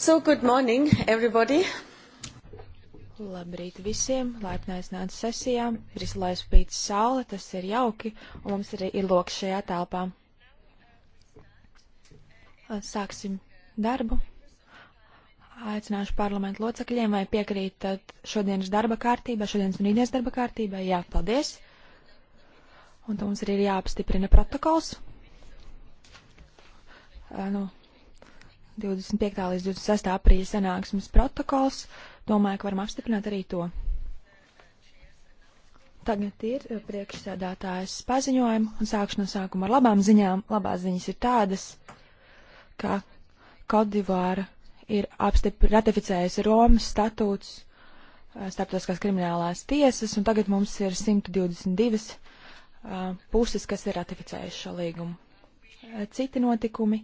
So, good morning, everybody! Labrīt visiem! Laipni aiznāca sesijā. Briselē spīd saule, tas ir jauki, un mums arī ir loks šajā telpā. Sāksim darbu. Aicināšu parlamentu locekļiem, vai piekrīt šodienas darba kārtībā, šodienas un rītdienas darba kārtībā. Jā, paldies! Un tad mums arī ir jāapstiprina protokols. Nu, 25. līdz 26. aprīļa sanāksmes protokols. Domāju, ka varam apstiprināt arī to. Tagad ir eh, priekšsēdētājs paziņojumi un sākšu no sākuma ar labām ziņām. Labās ziņas ir tādas, ka Kodivāra ir ratificējusi Romas statūts eh, starptautiskās kriminālās tiesas, un tagad mums ir 122 uh, eh, puses, kas ir ratificējuši šo līgumu. Citi notikumi.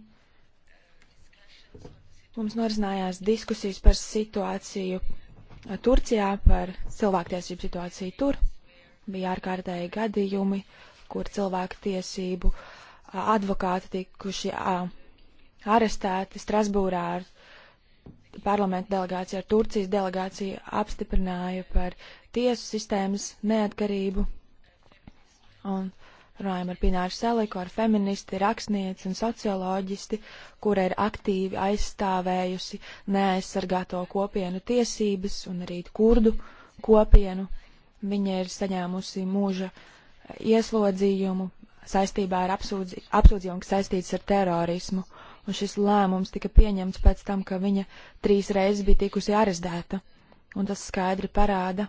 Mums norisinājās diskusijas par situāciju eh, Turcijā, par cilvēktiesību situāciju tur. Bija ārkārtēji gadījumi, kur cilvēktiesību advokāti tikuši arestēti Strasbūrā ar parlamenta delegācija ar Turcijas delegāciju apstiprināja par tiesu sistēmas neatkarību. Un uh, runājam ar Pināru Seliku, ar feministi, rakstnieci un socioloģisti, kura ir aktīvi aizstāvējusi neaizsargāto kopienu tiesības un arī kurdu kopienu. Viņa ir saņēmusi mūža ieslodzījumu saistībā ar apsūdzi, apsūdzījumu, kas saistīts ar terorismu. Un šis lēmums tika pieņemts pēc tam, ka viņa trīs reizes bija tikusi arestēta. Un tas skaidri parāda,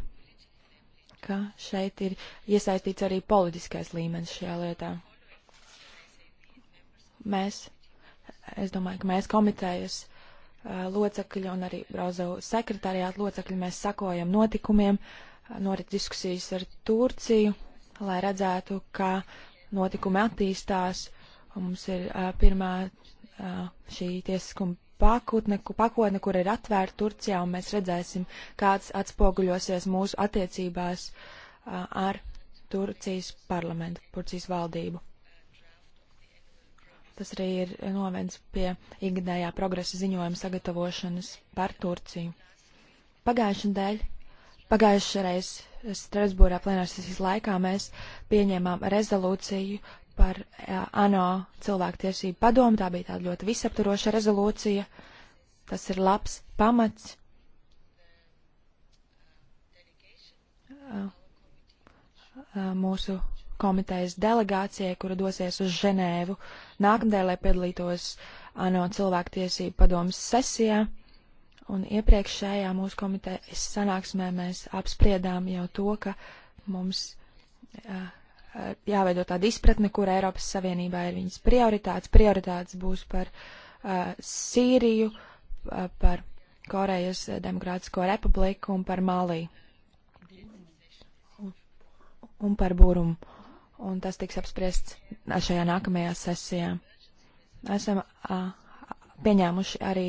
ka šeit ir iesaistīts arī politiskais līmenis šajā lietā. Mēs, es domāju, ka mēs komitejas locekļi un arī Brauzau sekretariāta locekļi, mēs sakojam notikumiem, norit diskusijas ar Turciju, lai redzētu, kā notikumi attīstās. Un mums ir uh, pirmā uh, šī tiesiskuma pakotne, pakotne, kur ir atvērta Turcijā, un mēs redzēsim, kāds atspoguļosies mūsu attiecībās ar Turcijas parlamentu, Turcijas valdību. Tas arī ir novens pie ikgadējā progresa ziņojuma sagatavošanas par Turciju. Pagājušajā dēļ, pagājušajā reizē Strasbūrā plenārsesijas laikā mēs pieņēmām rezolūciju par ANO cilvēktiesību padomu. Tā bija tāda ļoti visaptvaroša rezolūcija. Tas ir labs pamats. Uh, uh, mūsu komitejas delegācijai, kura dosies uz Ženēvu nākamdēļ, lai piedalītos ANO cilvēktiesību padomas sesijā. Un iepriekšējā mūsu komitejas sanāksmē mēs apspriedām jau to, ka mums uh, Eh, jāveido tāda izpratne, kur Eiropas Savienībā ir viņas prioritātes. Prioritātes būs par uh, Sīriju, uh, par Korejas Demokrātisko republiku un par Malī un, un par Burumu. Un tas tiks apspriests šajā nākamajā sesijā. Esam uh, pieņēmuši arī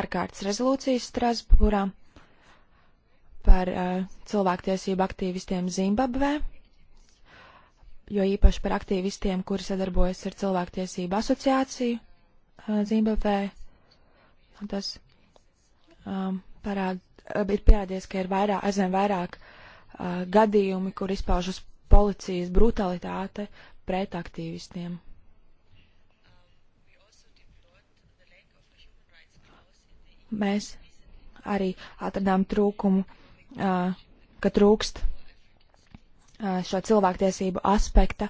ārkārtas rezolūcijas Strasbūrā par uh, cilvēktiesību aktīvistiem Zimbabvē jo īpaši par aktīvistiem, kuri sadarbojas ar cilvēktiesību asociāciju Zimbabvē. Tas um, parād, ir pierādījies, ka ir vairāk, aizvien vairāk uh, gadījumi, kur izpaužas policijas brutalitāte pret aktīvistiem. Mēs arī atradām trūkumu, uh, ka trūkst šo cilvēktiesību aspekta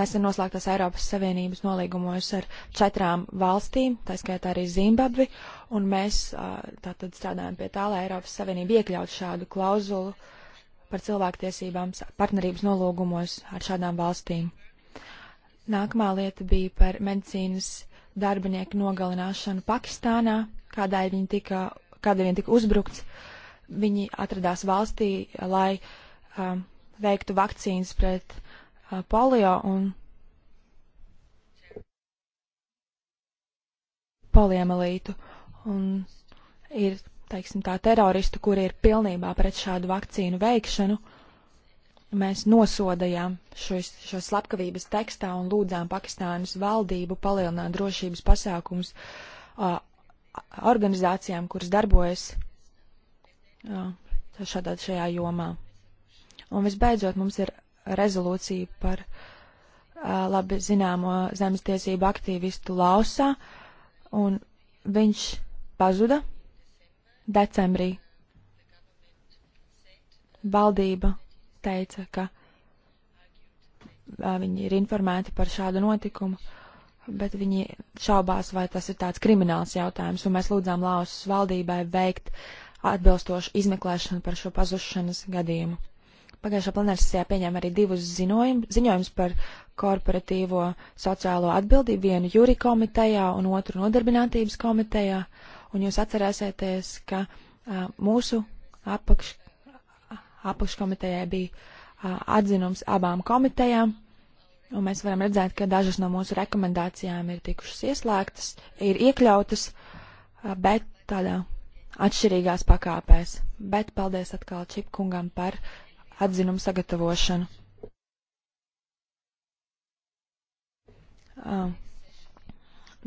nesen noslēgtās Eiropas Savienības nolīgumos ar četrām valstīm, tā skaitā arī Zimbabvi, un mēs tātad strādājam pie tā, lai Eiropas Savienība iekļaut šādu klauzulu par cilvēktiesībām partnerības nolūgumos ar šādām valstīm. Nākamā lieta bija par medicīnas darbinieku nogalināšanu Pakistānā, kādai viņi tika, kādai viņi tika uzbrukts. Viņi atradās valstī, lai um, veiktu vakcīnas pret uh, polio un poliemelītu. Un ir, teiksim, tā teroristu, kuri ir pilnībā pret šādu vakcīnu veikšanu. Mēs nosodajām šos, šo slepkavības tekstā un lūdzām Pakistānas valdību palielināt drošības pasākums uh, organizācijām, kuras darbojas uh, šādā šajā jomā. Un visbeidzot, mums ir rezolūcija par uh, labi zināmo zemes tiesību aktīvistu Lausā, un viņš pazuda decembrī. Valdība teica, ka uh, viņi ir informēti par šādu notikumu, bet viņi šaubās, vai tas ir tāds krimināls jautājums, un mēs lūdzām Lausas valdībai veikt atbilstošu izmeklēšanu par šo pazušanas gadījumu pagājušā plenārsesijā pieņēma arī divus ziņojumus par korporatīvo sociālo atbildību, vienu jūri komitejā un otru nodarbinātības komitejā. Un jūs atcerēsieties, ka a, mūsu apakš, apakškomitejai bija a, atzinums abām komitejām, un mēs varam redzēt, ka dažas no mūsu rekomendācijām ir tikušas ieslēgtas, ir iekļautas, a, bet tādā atšķirīgās pakāpēs. Bet paldies atkal Čipkungam par atzinumu sagatavošanu. Uh,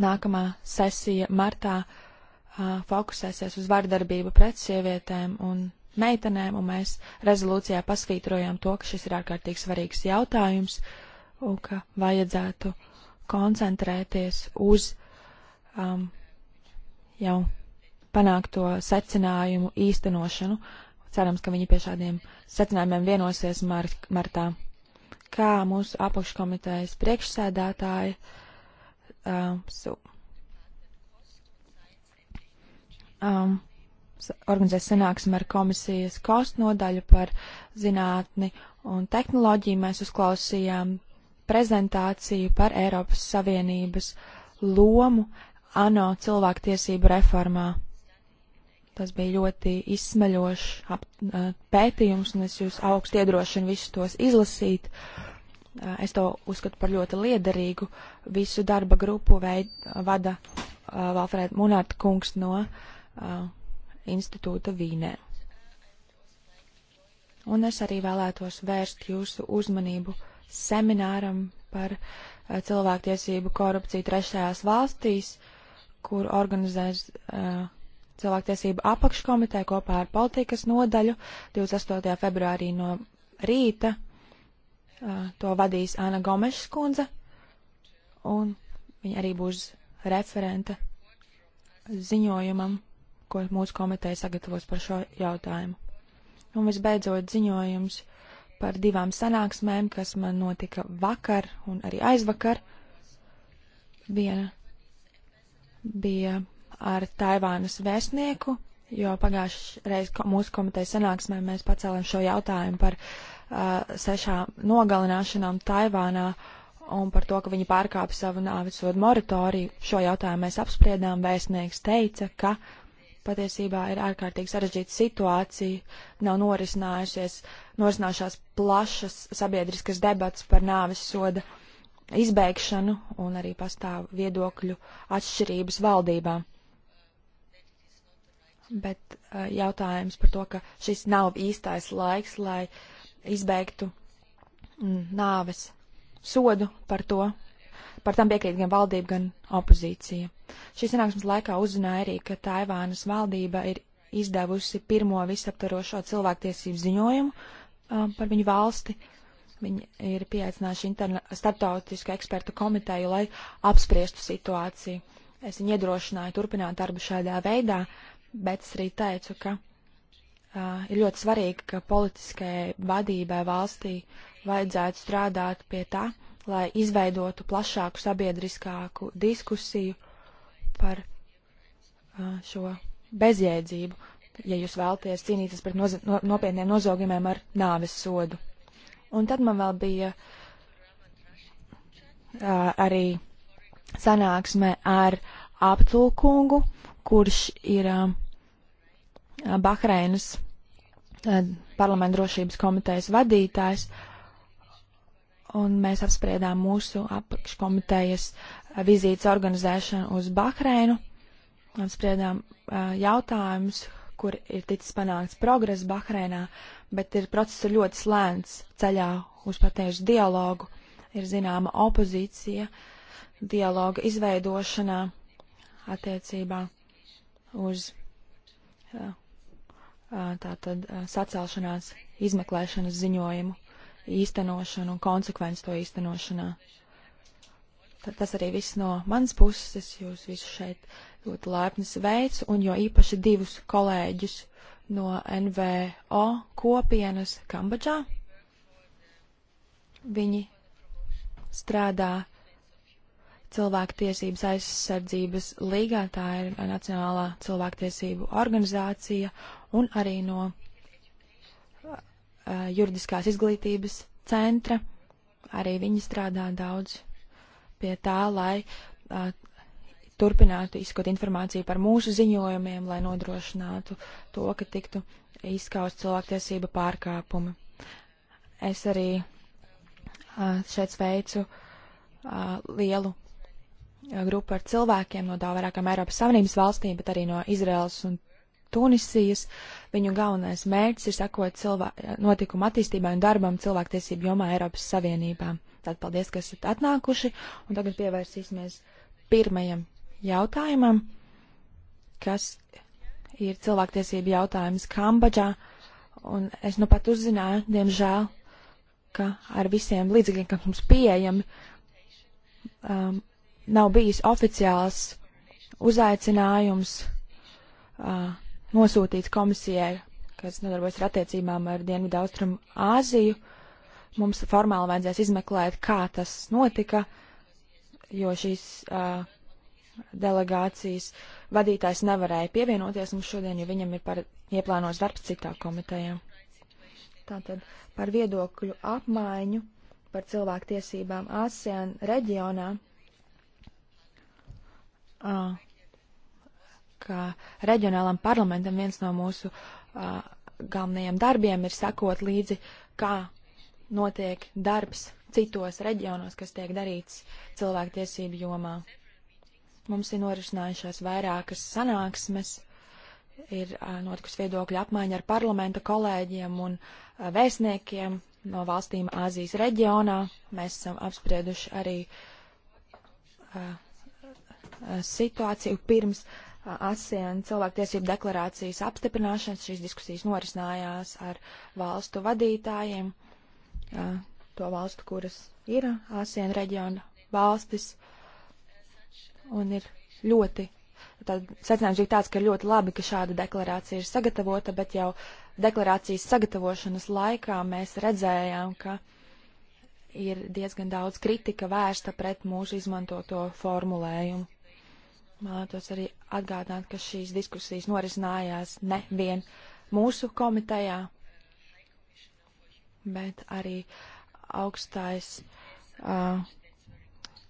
nākamā sesija martā uh, fokusēsies uz vardarbību pret sievietēm un meitenēm, un mēs rezolūcijā pasvītrojām to, ka šis ir ārkārtīgi svarīgs jautājums un ka vajadzētu koncentrēties uz um, jau panākto secinājumu īstenošanu. Uh, Cerams, ka viņi pie šādiem secinājumiem vienosies mar martā. Kā mūsu apakškomitejas priekšsēdētāji um, su, um, organizēs sanāksmi ar komisijas kostu nodaļu par zinātni un tehnoloģiju. Mēs uzklausījām prezentāciju par Eiropas Savienības lomu ANO cilvēktiesību reformā. Tas bija ļoti izsmeļošs ap, pētījums, un es jūs augstu iedrošinu visus tos izlasīt. Es to uzskatu par ļoti liederīgu. Visu darba grupu veid, vada Valfrēda Munārta kungs no institūta Vīnē. Un es arī vēlētos vērst jūsu uzmanību semināram par cilvēktiesību korupciju trešajās valstīs, kur organizēs uh, cilvēktiesību apakškomiteja kopā ar politikas nodaļu 28. februārī no rīta. Uh, to vadīs Ana Gomeša skundze, un viņa arī būs referente ziņojumam, ko mūsu komiteja sagatavos par šo jautājumu. Un visbeidzot ziņojums par divām sanāksmēm, kas man notika vakar un arī aizvakar. Viena bija ar Taivānas vēstnieku, jo pagājušajā reizē mūsu komitejas sanāksmē mēs pacēlām šo jautājumu par uh, sešām nogalināšanām Taivānā un par to, ka viņi pārkāpa savu nāvisodu moratoriju. Šo jautājumu mēs apspriedām. Vēstnieks teica, ka patiesībā ir ārkārtīgi sarežģīta situācija, nav norisinājušies, norisinājušās plašas sabiedriskas debats par nāvisoda izbeigšanu un arī pastāv viedokļu atšķirības valdībām bet uh, jautājums par to, ka šis nav īstais laiks, lai izbeigtu mm, nāves sodu par to. Par tam piekrīt gan valdība, gan opozīcija. Šīs sanāksmes laikā uzzināja arī, ka Taivānas valdība ir izdevusi pirmo visaptarošo cilvēktiesību ziņojumu um, par viņu valsti. Viņi ir pieaicinājuši starptautisku ekspertu komiteju, lai apspriestu situāciju. Es viņu iedrošināju turpināt darbu šādā veidā, uh, bet es arī teicu, ka uh, ir ļoti svarīgi, ka politiskajai vadībai valstī vajadzētu strādāt pie tā, lai izveidotu plašāku sabiedriskāku diskusiju par uh, šo bezjēdzību, ja jūs vēlties cīnīties pret noz no nopietniem nozogumiem ar nāves sodu. Un tad man vēl bija uh, arī sanāksme ar aptulkungu, kurš ir um, Bahreinas eh, parlamentu drošības komitejas vadītājs, un mēs apspriedām mūsu apakškomitejas eh, vizītes organizēšanu uz Bahreinu, apspriedām eh, jautājumus, kur ir ticis panākts progress Bahreinā, bet ir process ir ļoti slēns ceļā uz patiešu dialogu, ir zināma opozīcija dialoga izveidošanā attiecībā uz tātad sacelšanās izmeklēšanas ziņojumu īstenošanu un konsekvenci to īstenošanā. Tad tas arī viss no manas puses. Es jūs visus šeit ļoti laipni sveicu un jo īpaši divus kolēģus no NVO kopienas Kambodžā. Viņi strādā cilvēktiesības aizsardzības līgā, tā ir Nacionālā cilvēktiesību organizācija, un arī no uh, juridiskās izglītības centra. Arī viņi strādā daudz pie tā, lai uh, turpinātu izskot informāciju par mūsu ziņojumiem, lai nodrošinātu to, ka tiktu izskaust cilvēktiesība pārkāpumi. Es arī uh, šeit veicu uh, lielu grupa ar cilvēkiem no tā vairākām Eiropas Savienības valstīm, bet arī no Izraels un Tunisijas. Viņu galvenais mērķis ir sekot cilvē... notikumu attīstībai un darbam cilvēktiesību jomā Eiropas Savienībā. Tātad paldies, ka esat atnākuši, un tagad pievērsīsimies pirmajam jautājumam, kas ir cilvēktiesību jautājums Kambadžā, un es nu pat uzzināju, diemžēl, ka ar visiem līdzekļiem, kas mums pieejami, um, nav bijis oficiāls uzaicinājums uh, nosūtīts komisijai, kas nodarbojas ar attiecībām ar Dienvidu Austrumu Āziju. Mums formāli vajadzēs izmeklēt, kā tas notika, jo šīs uh, delegācijas vadītājs nevarēja pievienoties mums šodien, jo viņam ir par, ieplānos darbs citā komitejā. Tātad par viedokļu apmaiņu par cilvēktiesībām ASEAN reģionā ka reģionālam parlamentam viens no mūsu galvenajiem darbiem ir sekot līdzi, kā notiek darbs citos reģionos, kas tiek darīts cilvēktiesību jomā. Mums ir norisinājušās vairākas sanāksmes, ir notikusi viedokļa apmaiņa ar parlamenta kolēģiem un vēstniekiem no valstīm Āzijas reģionā. Mēs esam apsprieduši arī a, Eh, situāciju pirms eh, ASEAN cilvēktiesību deklarācijas apstiprināšanas. Šīs diskusijas norisinājās ar valstu vadītājiem, eh, to valstu, kuras ir ASEAN reģiona valstis, un ir ļoti tad secinājums ir tāds, ka ir ļoti labi, ka šāda deklarācija ir sagatavota, bet jau deklarācijas sagatavošanas laikā mēs redzējām, ka ir diezgan daudz kritika vērsta pret mūsu izmantoto formulējumu. Vēlētos arī atgādināt, ka šīs diskusijas norisinājās nevien mūsu komitejā, bet arī augstais uh,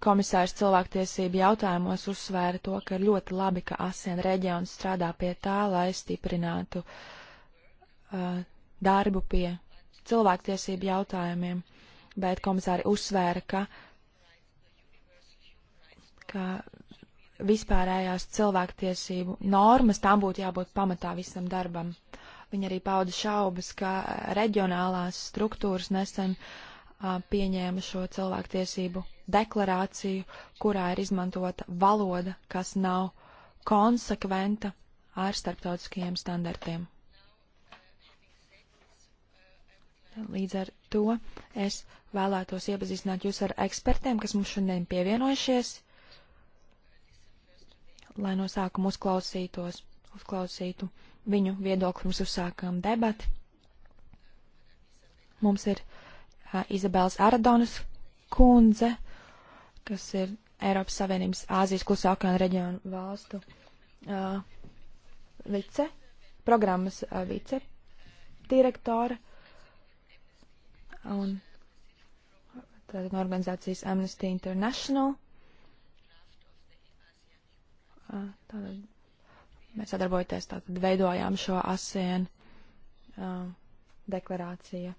komisārs cilvēktiesību jautājumos uzsvēra to, ka ir ļoti labi, ka ASEAN reģions strādā pie tā, lai stiprinātu uh, darbu pie cilvēktiesību jautājumiem, bet komisāri uzsvēra, ka, ka vispārējās cilvēktiesību normas, tām būtu jābūt pamatā visam darbam. Viņa arī pauda šaubas, ka reģionālās struktūras nesen a, pieņēma šo cilvēktiesību deklarāciju, kurā ir izmantota valoda, kas nav konsekventa ar starptautiskajiem standartiem. Līdz ar to es vēlētos iepazīstināt jūs ar ekspertiem, kas mums šodien pievienojušies lai no sākuma uzklausītos, uzklausītu viņu viedokli, mums uzsākām debati. Mums ir uh, Izabels Aradonas kundze, kas ir Eiropas Savienības Āzijas klusā okeāna reģionu valstu uh, vice, programmas uh, vice direktora un tad no organizācijas Amnesty International Tātad mēs sadarbojoties, tātad veidojām šo ASEAN uh, deklarāciju.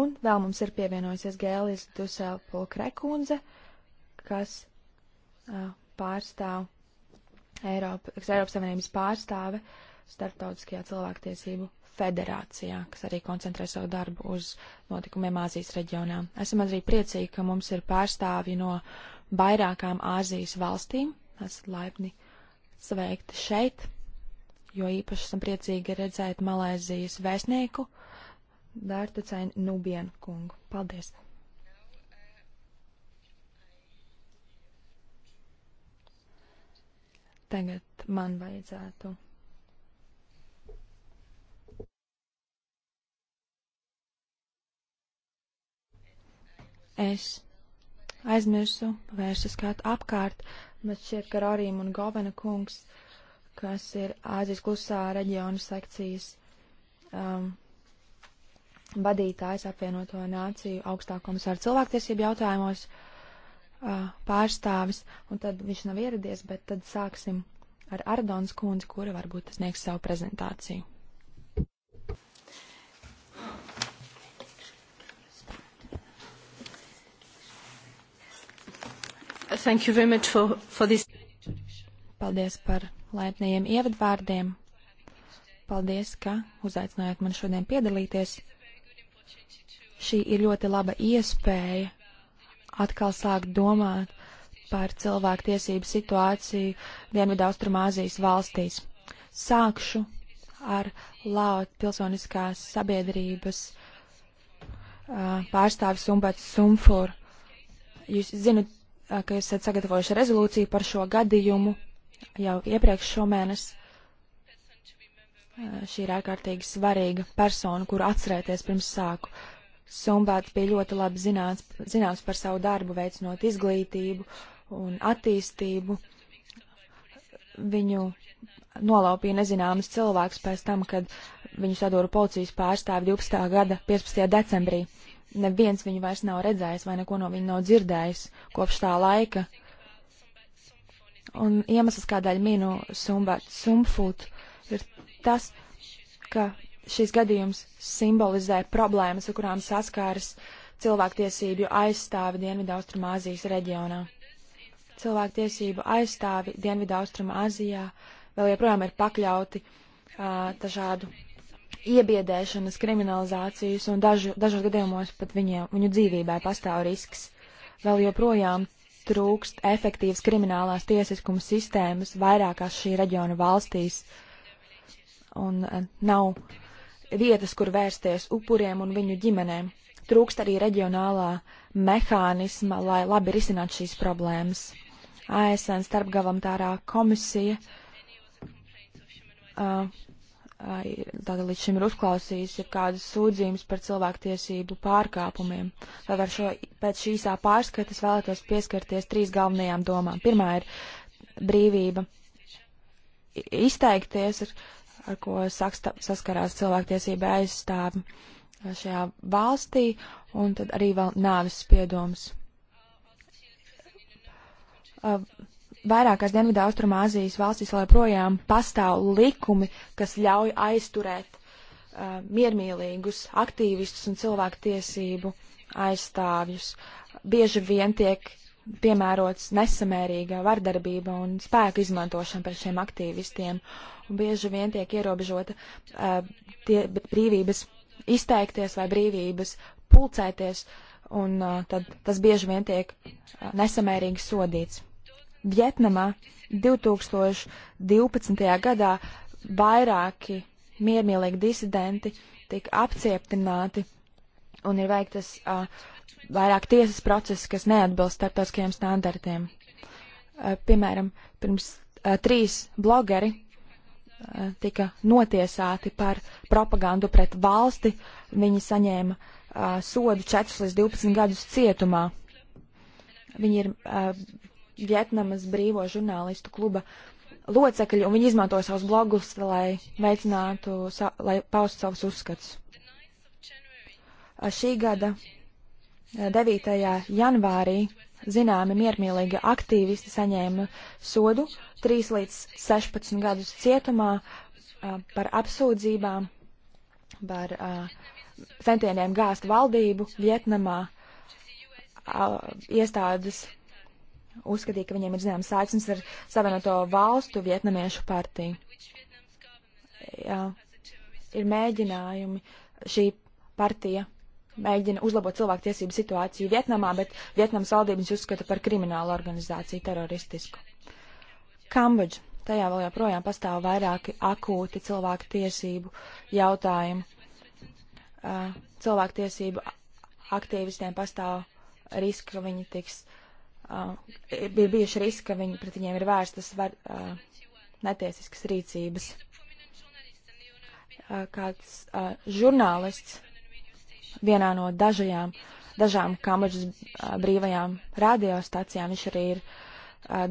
Un vēl mums ir pievienojusies Gēlis Duselpul Krekundze, kas uh, pārstāv Eiropa, kas Eiropas Savienības pārstāve Startautiskajā cilvēktiesību federācijā, kas arī koncentrē savu darbu uz notikumiem Āzijas reģionā. Esam arī priecīgi, ka mums ir pārstāvji no vairākām Āzijas valstīm. Esat laipni uh, sveikti šeit, jo īpaši esam priecīgi redzēt Malēzijas vēstnieku Dārtu Cēnu Nubienu kungu. Paldies! Tagad man vajadzētu. Es aizmirsu vērsu skatu apkārt, bet šķiet, ka Rārīm un Govena kungs, kas ir Āzijas klusā reģiona sekcijas um, vadītājs apvienoto nāciju augstā komisāra cilvēktiesību jautājumos, uh, pārstāvis, un tad viņš nav ieradies, bet tad sāksim ar Ardons kundzi, kura varbūt sniegs savu prezentāciju. Thank you very much for, for this. Paldies par laipnajiem ievadvārdiem. Paldies, ka uzaicinājāt mani šodien piedalīties. Šī ir ļoti laba iespēja atkal sākt domāt par cilvēku tiesību situāciju Dienvidaustrumāzijas valstīs. Sākšu ar Laut pilsoniskās sabiedrības uh, pārstāvi Sumbats Sumfur. Jūs zinat, ka jūs esat sagatavojuši rezolūciju par šo gadījumu jau iepriekš šomēnes. Šī ir ārkārtīgi svarīga persona, kuru atcerēties pirms sāku. Sumbāts bija ļoti labi zināts, zināms par savu darbu, veicinot izglītību un attīstību. Viņu nolaupīja nezināmas cilvēks pēc tam, kad viņu sadūra policijas pārstāvi 12. gada 15. decembrī. Uh, neviens viņu vairs nav redzējis vai neko no viņa nav dzirdējis kopš tā laika. Un iemesls, kādēļ minu sumfūt, ir tas, ka šis gadījums simbolizē problēmas, ar kurām saskāras cilvēktiesību aizstāvi Dienvidaustrumāzijas reģionā. Cilvēktiesību aizstāvi Dienvidaustrumāzijā vēl joprojām ir pakļauti uh, dažādu iebiedēšanas kriminalizācijas, un dažu, dažos gadījumos pat viņiem, viņu dzīvībai pastāv risks. Vēl joprojām trūkst efektīvas kriminālās tiesiskuma sistēmas vairākās šī reģiona valstīs, un eh, nav vietas, kur vērsties upuriem un viņu ģimenēm. Trūkst arī reģionālā mehānisma, lai labi risinātu šīs problēmas. ASN starpgavamtārā komisija uh, tātad līdz šim ir uzklausījis ir kādas sūdzības par cilvēktiesību pārkāpumiem. Tātad šo, pēc šī īsā pārskata es vēlētos pieskarties trīs galvenajām domām. Pirmā ir brīvība izteikties, ar, ar ko saksta, saskarās cilvēktiesība aizstāvi šajā valstī, un tad arī vēl nāvis spiedoms. Uh, vairākās Dienvidā Austrumāzijas valstīs joprojām pastāv likumi, kas ļauj aizturēt uh, miermīlīgus aktīvistus un cilvēktiesību aizstāvjus. Bieži vien tiek piemērots nesamērīga vardarbība un spēku izmantošana par šiem aktīvistiem, un bieži vien tiek ierobežota uh, tie brīvības izteikties vai brīvības pulcēties, un uh, tad tas bieži vien tiek uh, nesamērīgi sodīts. Vietnamā 2012. gadā vairāki miermīlīgi disidenti tika apcietināti un ir veiktas uh, vairāk tiesas procesi, kas neatbilst starptautiskajiem standartiem. Uh, piemēram, pirms uh, trīs blogeri uh, tika notiesāti par propagandu pret valsti. Viņi saņēma uh, sodu 4 līdz 12 gadus cietumā. Viņi ir uh, Vietnamas brīvo žurnālistu kluba locekļi, un viņi izmanto savus blogus, lai veicinātu, sa lai paustu savus uzskatus. Šī gada 9. Eh, janvārī zināmi miermīlīgi aktīvisti saņēma sodu 3 līdz 16 gadus cietumā eh, par apsūdzībām, par eh, centieniem gāzt valdību Vietnamā, iestādes uzskatīja, ka viņiem ir zināms saiknes ar savienoto valstu vietnamiešu partiju. Jā, ir mēģinājumi. Šī partija mēģina uzlabot cilvēku tiesību situāciju Vietnamā, bet Vietnamas valdības uzskata par kriminālu organizāciju teroristisku. Kambodža. Tajā vēl joprojām pastāv vairāki akūti cilvēku tiesību jautājumi. Cilvēku tiesību aktīvistiem pastāv riski, ka viņi tiks uh, Uh, ir bijuši riski, ka viņi, pret viņiem ir vērstas var, uh, netiesiskas rīcības. Uh, kāds žurnālists vienā no dažajām, dažām Kambodžas brīvajām radiostacijām, viņš arī ir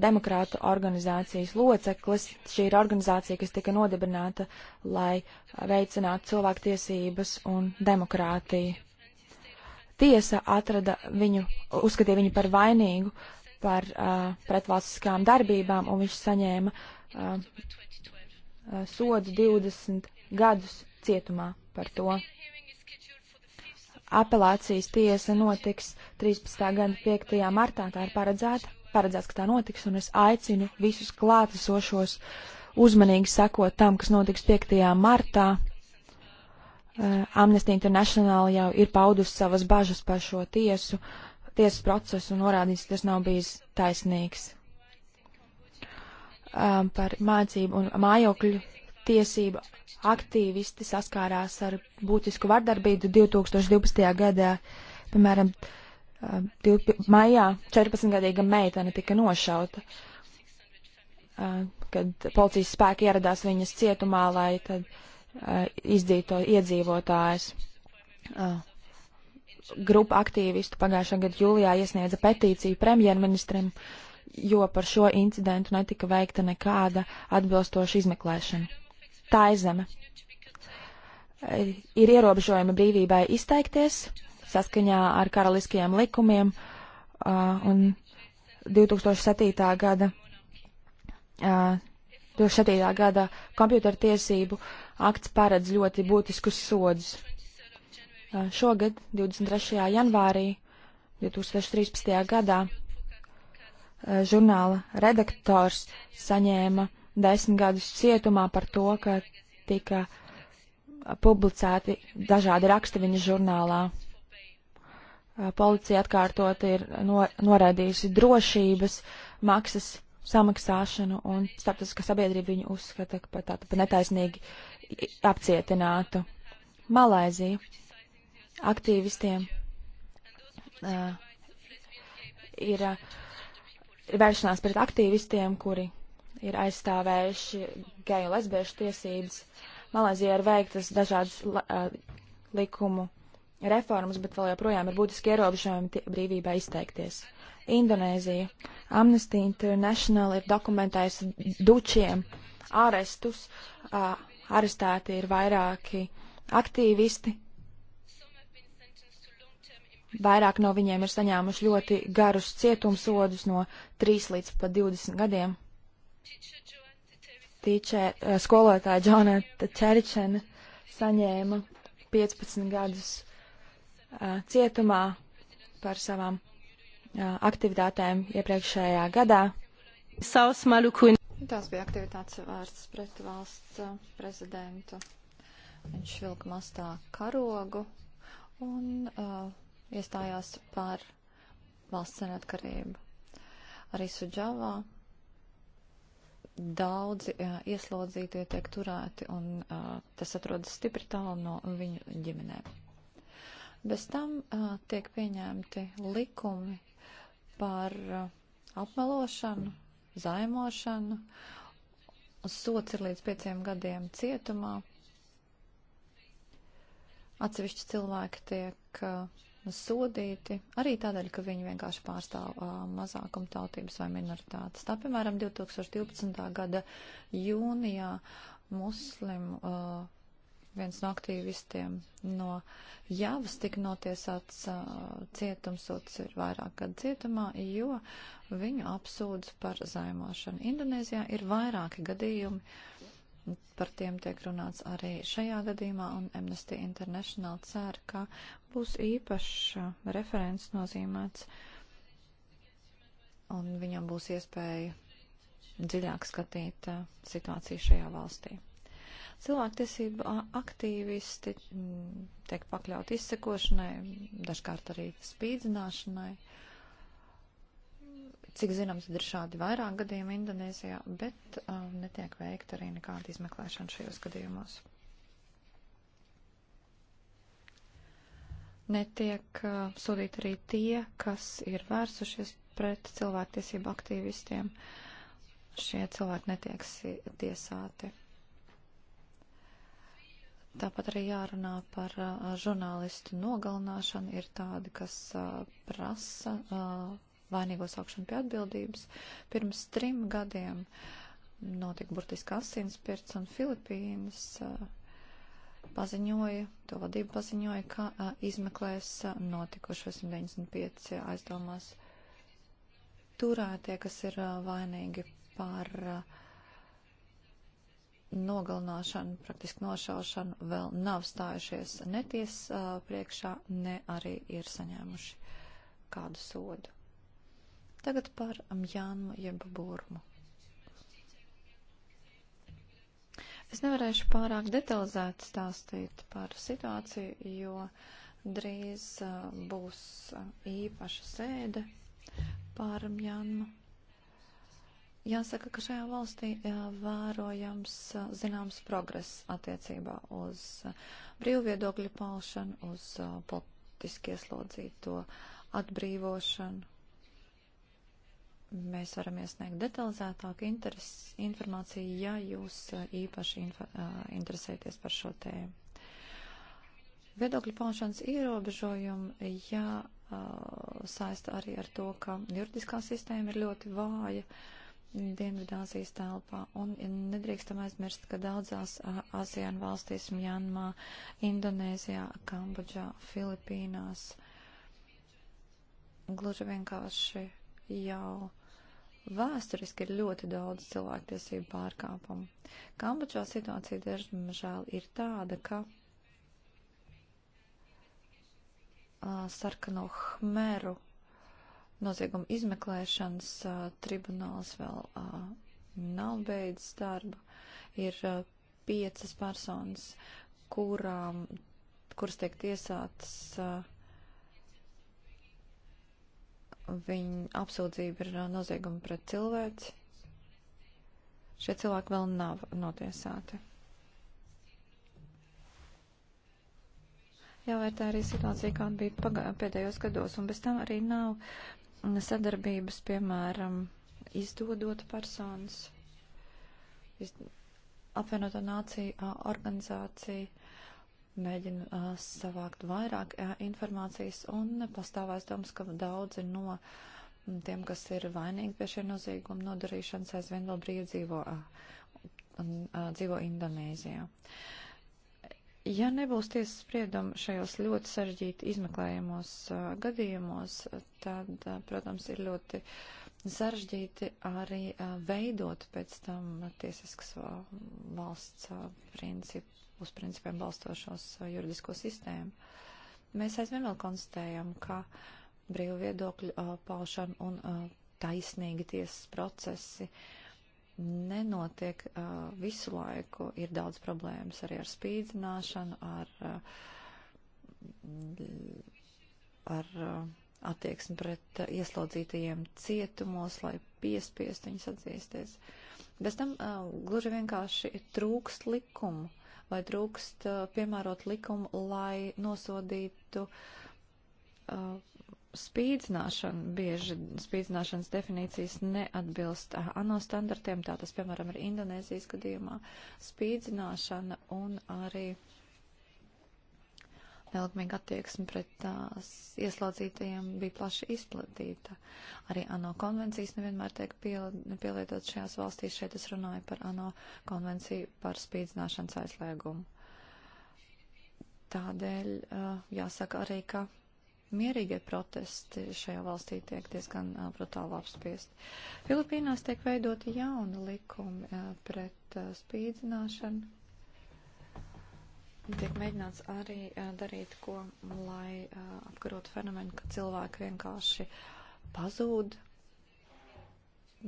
demokrātu organizācijas loceklis. Šī ir organizācija, kas tika nodibināta, lai veicinātu cilvēktiesības un demokrātiju tiesa atrada viņu, uzskatīja viņu par vainīgu par uh, pretvalstiskām darbībām, un viņš saņēma uh, sodu 20 gadus cietumā par to. Apelācijas tiesa notiks 13. gada 5. martā, tā ir paredzēta, paredzēts, ka tā notiks, un es aicinu visus klātesošos uzmanīgi sekot tam, kas notiks 5. martā. Eh, Amnesty International jau ir paudusi savas bažas par šo tiesu, tiesas procesu un norādījis, ka tas nav bijis taisnīgs. Um, par mācību un mājokļu tiesību aktīvisti saskārās ar būtisku vardarbību 2012. gadā. Piemēram, um, maijā 14-gadīga meitene tika nošauta, um, kad policijas spēki ieradās viņas cietumā, lai tad uh, Eh, izdzīto iedzīvotājus. Eh, grupa aktīvistu pagājušā gada jūlijā iesniedza petīciju premjerministram, jo par šo incidentu netika veikta nekāda atbilstoša izmeklēšana. Tā ir zeme. Eh, ir ierobežojumi brīvībai izteikties saskaņā ar karaliskajiem likumiem un 2007. gada, 2007. gada kompjutertiesību tiesību akts paredz ļoti būtiskus sodus. Uh, šogad, 23. janvārī 2013. gadā, uh, žurnāla redaktors saņēma desmit gadus cietumā par to, ka tika publicēti dažādi raksti viņa žurnālā. Uh, policija atkārtot ir no, noraidījusi drošības maksas samaksāšanu, un starptautiskā sabiedrība viņu uzskata par tādu netaisnīgi apcietinātu. Malaizija aktīvistiem uh, ir, ir vēršanās pret aktīvistiem, kuri ir aizstāvējuši geju un lesbiešu tiesības. Malaizija ir veiktas dažādas uh, likumu reformas, bet vēl joprojām ir būtiski ierobežojumi brīvībā izteikties. Indonēzija. Amnesty International ir dokumentējusi dučiem ārestus. Uh, arestēti ir vairāki aktīvisti. Vairāk no viņiem ir saņēmuši ļoti garus cietumsodus no 3 līdz pat 20 gadiem. Tīčē, eh, skolotāja Džonata Čeričena saņēma 15 gadus uh, cietumā par savām uh, aktivitātēm iepriekšējā gadā. Saus Malukuņa. Tās bija aktivitātes vērstas pret valsts eh, prezidentu. Viņš vilka mastā karogu un uh, iestājās par valsts senatkarību. Arī Suģavā daudzi uh, ieslodzītie tiek turēti un uh, tas atrodas stipri tālu no viņu ģimenēm. Bez tam uh, tiek pieņemti likumi par uh, apmelošanu, zaimošanu. Sots ir līdz pieciem gadiem cietumā. Atsevišķi cilvēki tiek uh, sodīti arī tādēļ, ka viņi vienkārši pārstāv uh, mazākumtautības vai minoritātes. Tā, piemēram, 2012. gada jūnijā muslimu uh, viens no aktīvistiem no Javas tika notiesāts cietumsots ir vairāk gadu cietumā, jo viņu apsūdz par zaimošanu. Indonēzijā ir vairāki gadījumi, par tiem tiek runāts arī šajā gadījumā, un Amnesty International cer, ka būs īpašs referents nozīmēts, un viņam būs iespēja dziļāk skatīt situāciju šajā valstī. Cilvēktiesība aktīvisti tiek pakļauti izsekošanai, dažkārt arī spīdzināšanai. Cik zināms, ir šādi vairāk gadījumi Indonēzijā, bet um, netiek veikta arī nekāda izmeklēšana šajos gadījumos. Netiek uh, sodīti arī tie, kas ir vērsušies pret cilvēktiesību aktīvistiem. Šie cilvēki netiek tiesāti Tāpat arī jārunā par uh, žurnālistu nogalināšanu. Ir tādi, kas uh, prasa uh, vainīgo saukšanu pie atbildības. Pirms trim gadiem notika burtiski asinspirts un Filipīnas uh, paziņoja, to vadība paziņoja, ka uh, izmeklēs uh, notikušo 195 aizdomās turētie, kas ir uh, vainīgi par. Uh, nogalināšanu, praktiski nošaušanu vēl nav stājušies ne tiesas uh, priekšā, ne arī ir saņēmuši kādu sodu. Tagad par Mjānmu jeb Burmu. Es nevarēšu pārāk detalizēti stāstīt par situāciju, jo drīz uh, būs uh, īpaša sēde par Mjānmu Jāsaka, ka šajā valstī vērojams zināms progress attiecībā uz brīvviedokļu paušanu, uz politiski ieslodzīto atbrīvošanu. Mēs varam iesniegt detalizētāku interes, informāciju, ja jūs īpaši infa, interesēties par šo tēmu. Viedokļu paušanas ierobežojumi jā, saista arī ar to, ka juridiskā sistēma ir ļoti vāja. Uh, Dienvidāzijas telpā. Un nedrīkstam aizmirst, ka daudzās ASEAN valstīs, Mjanmā, Indonēzijā, Kambodžā, Filipīnās, gluži vienkārši jau vēsturiski ir ļoti daudz cilvēktiesību pārkāpumu. Kambodžā situācija, diemžēl, ir tāda, ka uh, sarkano hmeru nozieguma izmeklēšanas uh, tribunāls vēl uh, nav beidzis darbu. Ir uh, piecas personas, kurām, kuras tiek tiesātas, uh, viņa apsūdzība ir uh, nozieguma pret cilvēci. Šie cilvēki vēl nav notiesāti. jāvērtē arī situācija, kāda bija pēdējos gados, un bez tam arī nav sadarbības, piemēram, izdodot personas, izd apvienoto nāciju organizācija mēģina uh, savākt vairāk uh, informācijas un pastāvēs domas, ka daudzi no tiem, kas ir vainīgi pie šie nozieguma nodarīšanas, aizvien vēl brīvi dzīvo, uh, un, dzīvo Indonēzijā. Uh, Ja nebūs tiesas sprieduma šajos ļoti sarežģīti izmeklējumos uh, gadījumos, tad, uh, protams, ir ļoti sarežģīti arī uh, veidot pēc tam tiesiskas uh, valsts uh, principu, uz principiem balstošos uh, juridisko sistēmu. Mēs aizvien vēl konstatējam, ka brīvu viedokļu uh, paušana un uh, taisnīgi tiesas procesi uh, nenotiek uh, visu laiku. Ir daudz problēmas arī ar spīdzināšanu, ar, uh, ar uh, attieksmi pret uh, ieslodzītajiem cietumos, lai piespiest viņus atzīsties. Bez tam uh, gluži vienkārši trūkst likumu vai trūkst uh, piemērot likumu, lai nosodītu. Uh, spīdzināšana, bieži spīdzināšanas definīcijas neatbilst ANO standartiem, tā tas, piemēram, ir Indonēzijas gadījumā spīdzināšana un arī nelagmīga attieksme pret tās ieslodzītajiem bija plaši izplatīta. Arī ANO konvencijas nevienmēr tiek pielietot šajās valstīs, šeit es runāju par ANO konvenciju par spīdzināšanas aizliegumu. Tādēļ uh, jāsaka arī, ka mierīgie protesti šajā valstī tiek diezgan uh, brutāli apspiesti. Filipīnās tiek veidoti jauni likumi uh, pret uh, spīdzināšanu. Tiek mēģināts arī uh, darīt ko, lai uh, apkarotu fenomenu, ka cilvēki vienkārši pazūd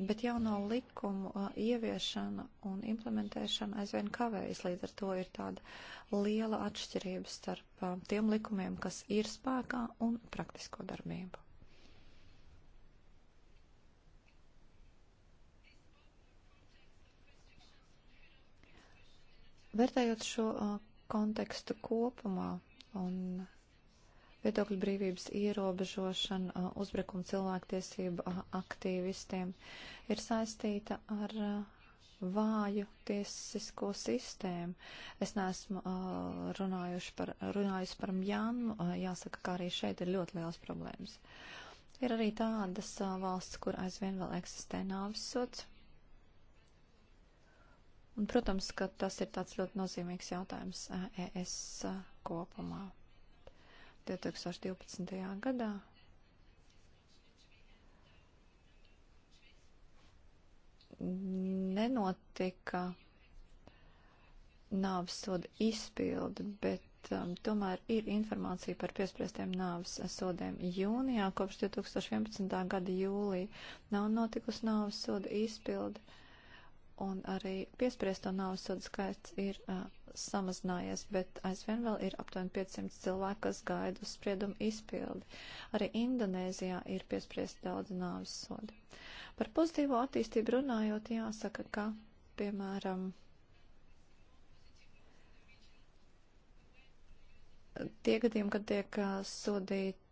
Bet jauno likumu uh, ieviešana un implementēšana aizvien kavējas, līdz ar to ir tāda liela atšķirība starp uh, tiem likumiem, kas ir spēkā un praktisko darbību. Vērtējot šo uh, kontekstu kopumā un viedokļu brīvības ierobežošana, uzbrukuma cilvēktiesību aktīvistiem ir saistīta ar vāju tiesisko sistēmu. Es neesmu runājuši par, runājusi par Mjanmu, jāsaka, ka arī šeit ir ļoti liels problēmas. Ir arī tādas valsts, kur aizvien vēl eksistē nāvisots. Un, protams, ka tas ir tāds ļoti nozīmīgs jautājums ES kopumā. 2012. gadā. Nenotika nāves soda izpildi, bet um, tomēr ir informācija par piespriestiem nāves sodiem. Jūnijā kopš 2011. gada jūlija nav notikusi nāves soda izpildi. Uh, un arī piespriesto navasodu skaits ir uh, samazinājies, bet aizvien vēl ir aptuveni 500 cilvēki, kas gaida uz spriedumu izpildi. Arī Indonēzijā ir piespriest daudz navasodi. Par pozitīvo attīstību runājot, jāsaka, ka, piemēram, tie gadījumi, kad tiek uh, sodīti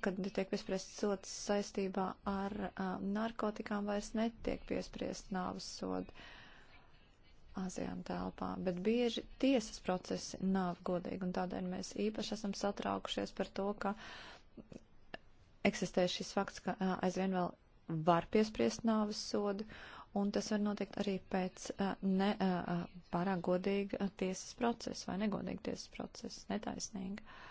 kad tiek piespriests sots saistībā ar uh, narkotikām, vairs netiek piespriests nāvas sodu Azijām telpā, bet bieži tiesas procesi nav godīgi, un tādēļ mēs īpaši esam satraukušies par to, ka eksistē šis fakts, ka uh, aizvien vēl var piespriest nāvas sodu, un tas var notikt arī pēc uh, ne uh, pārāk godīga tiesas procesa vai negodīga tiesas procesa, netaisnīga. Uh,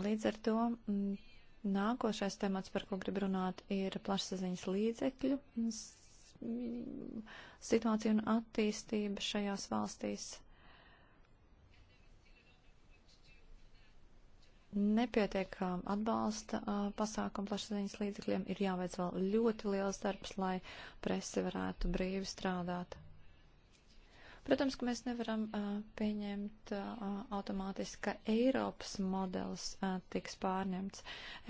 Līdz ar to mm, nākošais temats, par ko grib runāt, ir plašsaziņas līdzekļu mm, mm, situācija un attīstība šajās valstīs. Nepietiek um, atbalsta uh, pasākumu plašsaziņas līdzekļiem, ir jāveic vēl ļoti liels darbs, lai presi varētu brīvi strādāt. Protams, ka mēs nevaram uh, pieņemt uh, automātiski, ka Eiropas modelis uh, tiks pārņemts.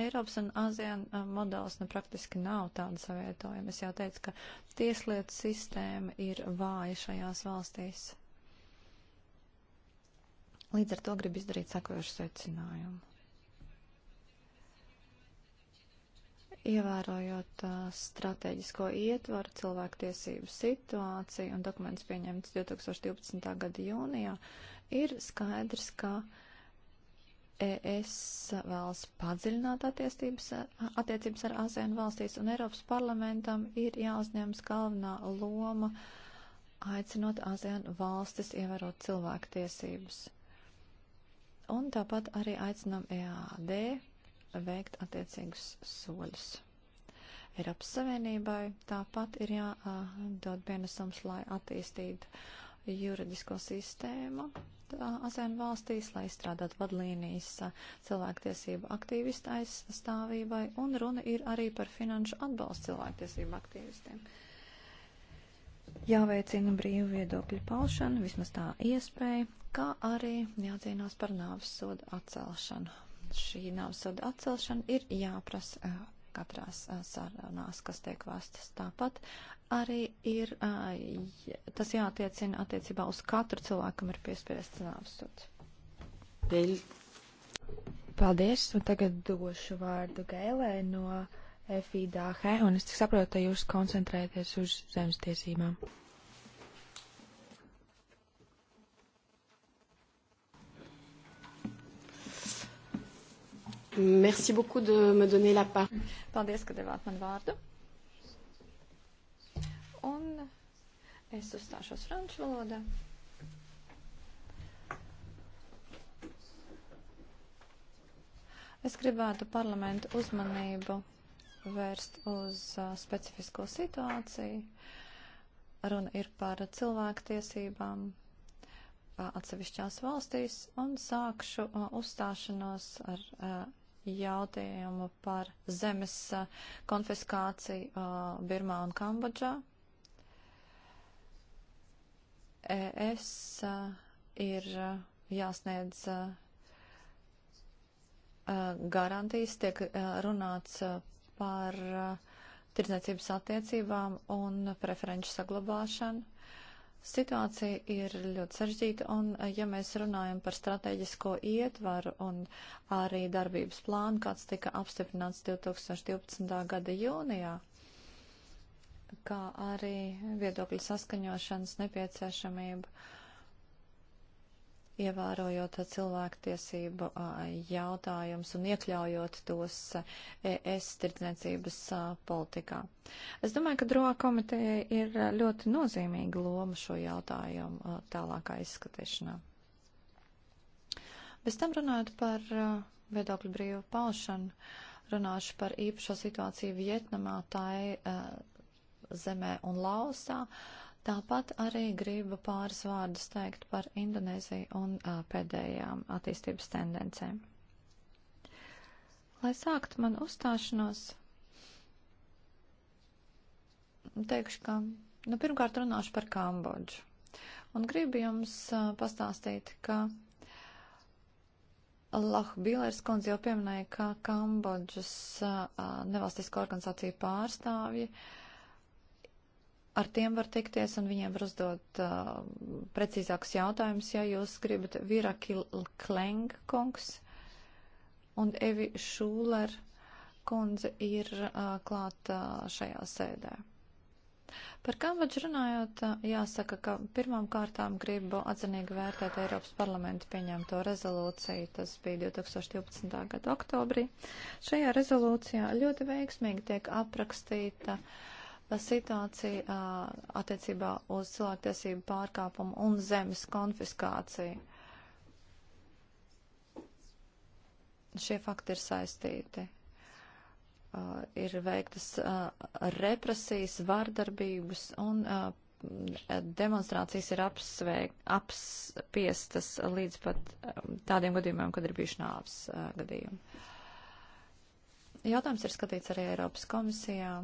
Eiropas un ASEAN uh, modelis nu, praktiski nav tāda savietojuma. Es jau teicu, ka tieslietu sistēma ir vāja šajās valstīs. Līdz ar to gribu izdarīt sakojušu secinājumu. ievērojot uh, strateģisko ietvaru, cilvēktiesību situāciju un dokuments pieņemts 2012. gada jūnijā, ir skaidrs, ka ES vēlas padziļināt attiecības ar ASEAN valstīs un Eiropas parlamentam ir jāuzņems galvenā loma aicinot ASEAN valstis ievērot cilvēktiesības. Un tāpat arī aicinam EAD veikt attiecīgus soļus. Eiropas Savienībai tāpat ir jādod pienesums, lai attīstītu juridisko sistēmu ASEAN valstīs, lai izstrādātu vadlīnijas cilvēktiesību aktīvistu aizstāvībai, un runa ir arī par finanšu atbalstu cilvēktiesību aktīvistiem. Jāveicina brīvu viedokļu paušana, vismaz tā iespēja, kā arī jācīnās par nāves sodu atcelšanu šī naudas soda atcelšana ir jāprasa uh, katrās uh, sarunās, kas tiek vēstas. Tāpat arī ir, uh, tas jātiecina attiecībā uz katru cilvēkam ir piespiests nāves sods. Paldies, un tagad došu vārdu Gēlē no FIDH, e, un es saprotu, ka jūs koncentrēties uz zemes tiesībām. Merci beaucoup de me donner la par. Paldies, ka devāt man vārdu. Un es uzstāšos franču valodā. Es gribētu parlamentu uzmanību vērst uz uh, specifisko situāciju. Runa ir par cilvēktiesībām atsevišķās valstīs un sākšu uh, uzstāšanos ar uh, jautājumu par zemes konfiskāciju Birmā un Kambodžā. ES ir jāsniedz garantijas, tiek runāts par tirdzniecības attiecībām un preferenču saglabāšanu Situācija ir ļoti sarežģīta, un eh, ja mēs runājam par strateģisko ietvaru un arī darbības plānu, kāds tika apstiprināts 2012. gada jūnijā, kā arī viedokļu saskaņošanas nepieciešamību ievērojot cilvēktiesību jautājumus un iekļaujot tos ES tirdzniecības politikā. Es domāju, ka droā komitejai ir ļoti nozīmīga loma šo jautājumu tālākā izskatīšanā. Bez tam runājot par viedokļu brīvu paušanu, runāšu par īpašo situāciju Vietnamā, tai zemē un lausā. Uh, Tāpat arī gribu pāris vārdus teikt par Indonēziju un a, pēdējām attīstības tendencēm. Lai sākt man uzstāšanos, teikšu, ka nu, pirmkārt runāšu par Kambodžu. Un gribu jums a, pastāstīt, ka Lahbīlērs kundze jau pieminēja, ka Kambodžas nevalstisko organizāciju pārstāvji uh, ar tiem var tikties un viņiem var uzdot uh, precīzākus jautājumus, ja jūs gribat Virakil Kleng kungs un Evi Šūler kundze ir uh, klāta uh, šajā sēdē. Par Kambodžu runājot, jāsaka, ka pirmām kārtām gribu atzinīgi vērtēt Eiropas parlamentu pieņemto rezolūciju. Tas bija 2012. gada oktobrī. Šajā rezolūcijā ļoti veiksmīgi tiek aprakstīta uh, situācija attiecībā uz cilvēktiesību pārkāpumu un zemes konfiskāciju. Šie fakti ir saistīti. Uh, ir veiktas uh, represijas, vardarbības un uh, demonstrācijas ir apsveik, apspiestas līdz pat tādiem gadījumiem, kad ir bijuši nāvs gadījumi. Jautājums ir skatīts arī Eiropas komisijā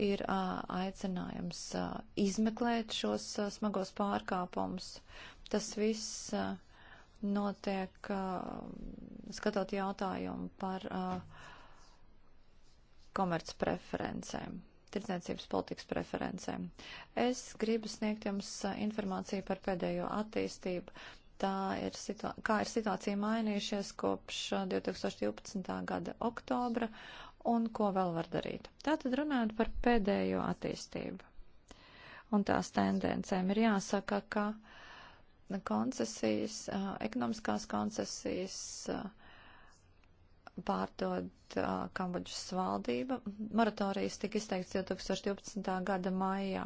ir aicinājums izmeklēt šos smagos pārkāpumus. Tas viss notiek skatot jautājumu par komerc preferencēm, tirdzniecības politikas preferencēm. Es gribu sniegt jums informāciju par pēdējo attīstību. Tā ir situā kā ir situācija mainījušies kopš 2012. gada oktobra un ko vēl var darīt. Tātad runājot par pēdējo attīstību un tās tendencēm, ir jāsaka, ka koncesijas, ekonomiskās koncesijas pārdod Kambodžas valdība. Moratorijas tika izteikts 2012. gada maijā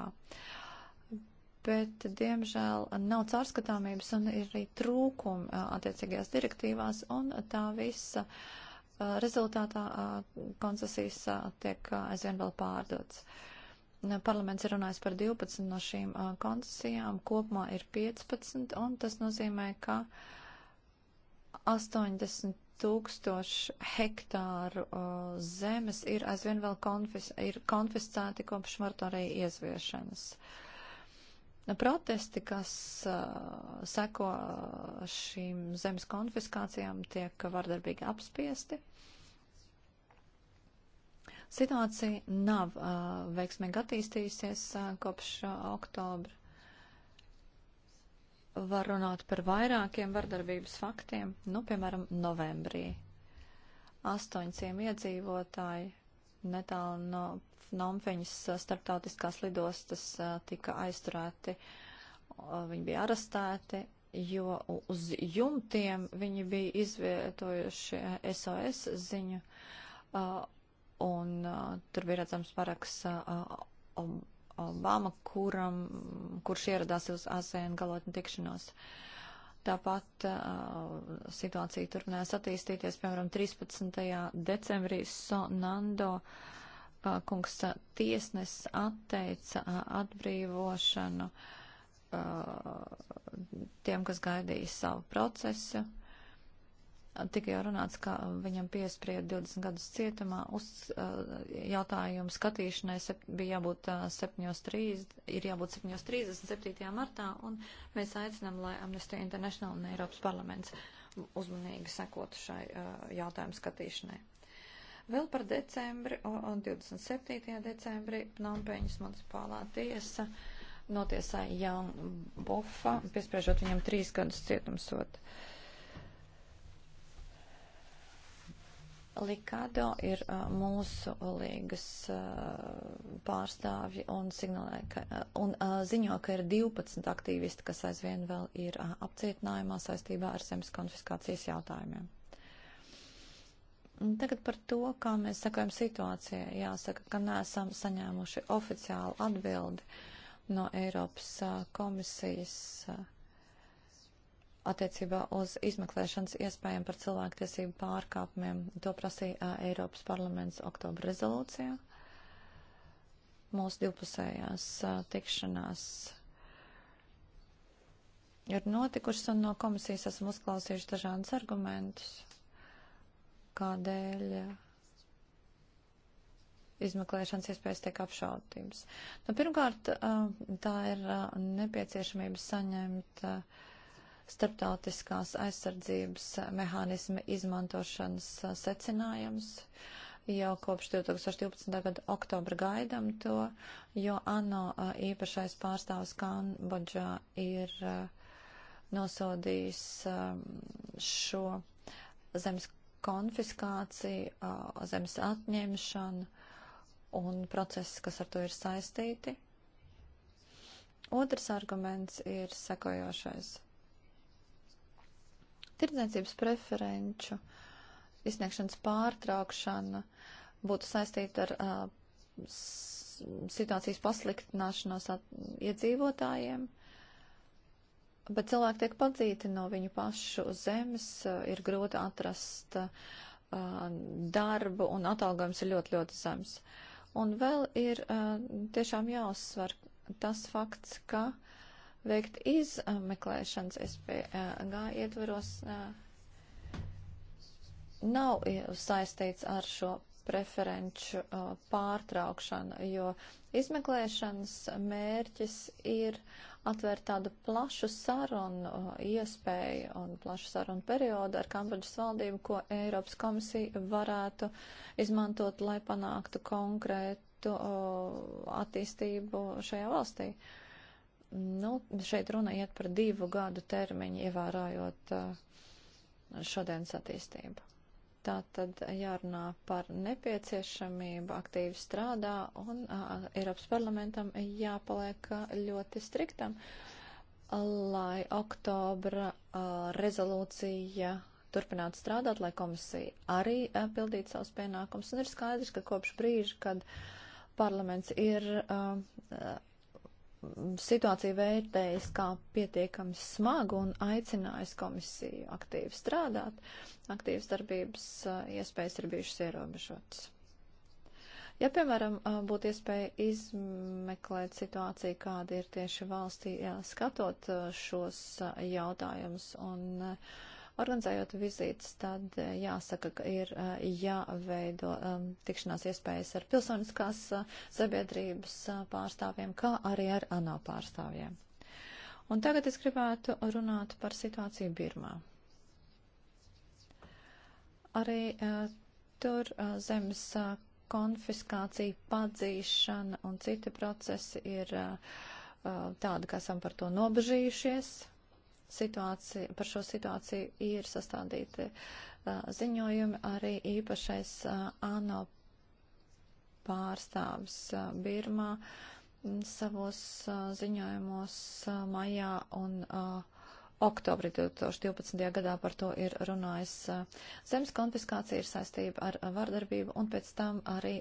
bet, diemžēl, nav caurskatāmības un ir arī trūkumi attiecīgajās direktīvās, un tā visa uh, Uh, rezultātā uh, koncesijas uh, tiek aizvien vēl pārdotas. Parlaments ir runājis par 12 no šīm koncesijām, kopumā ir 15, un tas nozīmē, ka 80 tūkstoši hektāru zemes ir aizvien vēl konfis, ir konfiscēti kopš moratorija iezviešanas. Uh, Nu, protesti, kas uh, seko šīm zemes konfiskācijām, tiek vardarbīgi apspiesti. Situācija nav uh, veiksmīgi attīstījusies uh, kopš uh, oktobra. Var runāt par vairākiem vardarbības faktiem, nu, piemēram, novembrī. Astoņciem iedzīvotāji netālu no Phnompeņas starptautiskās lidostas tika aizturēti, viņi bija arestēti, jo uz jumtiem viņi bija izvietojuši SOS ziņu, un tur bija redzams paraks Obama, kuram, kurš ieradās uz ASEAN galotni tikšanos. Tāpat uh, situācija turpinās attīstīties, piemēram, 13. decembrī Sonando uh, kungs tiesnes atteica atbrīvošanu tiem, kas gaidīja savu procesu. Tika jau runāts, ka viņam piesprieda 20 gadus cietumā uz jautājumu skatīšanai bija jābūt 7.30, ir jābūt 7.37. martā, un mēs aicinām, lai Amnesty International un Eiropas parlaments uzmanīgi sekotu šai jautājumu skatīšanai. Vēl par decembri, 27. decembrī, Pnompeņas municipālā tiesa notiesāja Jānu Bofa, piespriežot viņam trīs gadus cietumsotu. Likado ir uh, mūsu līgas uh, pārstāvji un, signalē, ka, uh, un uh, ziņo, ka ir 12 aktīvisti, kas aizvien vēl ir uh, apcietinājumā saistībā ar zemes konfiskācijas jautājumiem. Tagad par to, kā mēs sakojam situācijai. Jāsaka, ka neesam saņēmuši oficiālu atbildi no Eiropas komisijas attiecībā uz izmeklēšanas iespējām par cilvēktiesību pārkāpumiem. To prasīja Eiropas parlaments oktobra rezolūcijā. Mūsu divpusējās tikšanās ir notikušas, un no komisijas esam uzklausījuši dažādus argumentus kādēļ izmeklēšanas iespējas tiek apšautības. Nu, pirmkārt, tā ir nepieciešamība saņemt starptautiskās aizsardzības mehānisma izmantošanas secinājums. Jau kopš 2012. gada oktobra gaidam to, jo ANO īpašais pārstāvs Kambodžā ir nosodījis šo zemes konfiskāciju, zemes atņemšanu un procesas, kas ar to ir saistīti. Otrs arguments ir sekojošais. Tirdzniecības preferenču izsniegšanas pārtraukšana būtu saistīta ar uh, situācijas pasliktināšanos iedzīvotājiem Bet cilvēki tiek padzīti no viņu pašu zemes, eh, ir grūti atrast uh, darbu un atalgojums ir ļoti, ļoti zems. Un vēl ir uh, tiešām jāuzsver tas fakts, ka veikt izmeklēšanas SPG ietveros uh, nav saistīts ar šo preferenču uh, pārtraukšanu, jo izmeklēšanas mērķis ir atvērt tādu plašu sarunu uh, iespēju un plašu sarunu periodu ar Kambodžas valdību, ko Eiropas komisija varētu izmantot, lai panāktu konkrētu o, uh, attīstību šajā valstī. Nu, šeit runa iet par divu gadu termiņu, ievērojot uh, šodienas attīstību. Tā tad jārunā par nepieciešamību aktīvi strādā un uh, Eiropas parlamentam jāpaliek ļoti striktam, lai oktobra uh, rezolūcija turpinātu strādāt, lai komisija arī uh, pildītu savus pienākumus. Un ir skaidrs, ka kopš brīža, kad parlaments ir uh, situāciju vērtējis kā pietiekami smagu un aicinājis komisiju aktīvi strādāt. Aktīvas darbības iespējas ir bijušas ierobežotas. Ja, piemēram, būtu iespēja izmeklēt situāciju, kāda ir tieši valstī, jā, skatot šos jautājumus un uh, Organizējot vizītes, tad eh, jāsaka, ka ir eh, jāveido um, tikšanās iespējas ar pilsoniskās eh, sabiedrības pārstāvjiem, kā arī ar ANO pārstāvjiem. Un tagad es gribētu runāt par situāciju Birmā. Arī tur zemes konfiskācija, padzīšana un citi procesi ir tādi, ka esam par to nobežījušies situāciju, par šo situāciju ir sastādīti uh, ziņojumi arī īpašais uh, ANO pārstāvis uh, Birmā savos uh, ziņojumos uh, maijā un uh, oktobri 2012. gadā par to ir runājis. Zemes konfiskācija ir saistība ar vardarbību, un pēc tam arī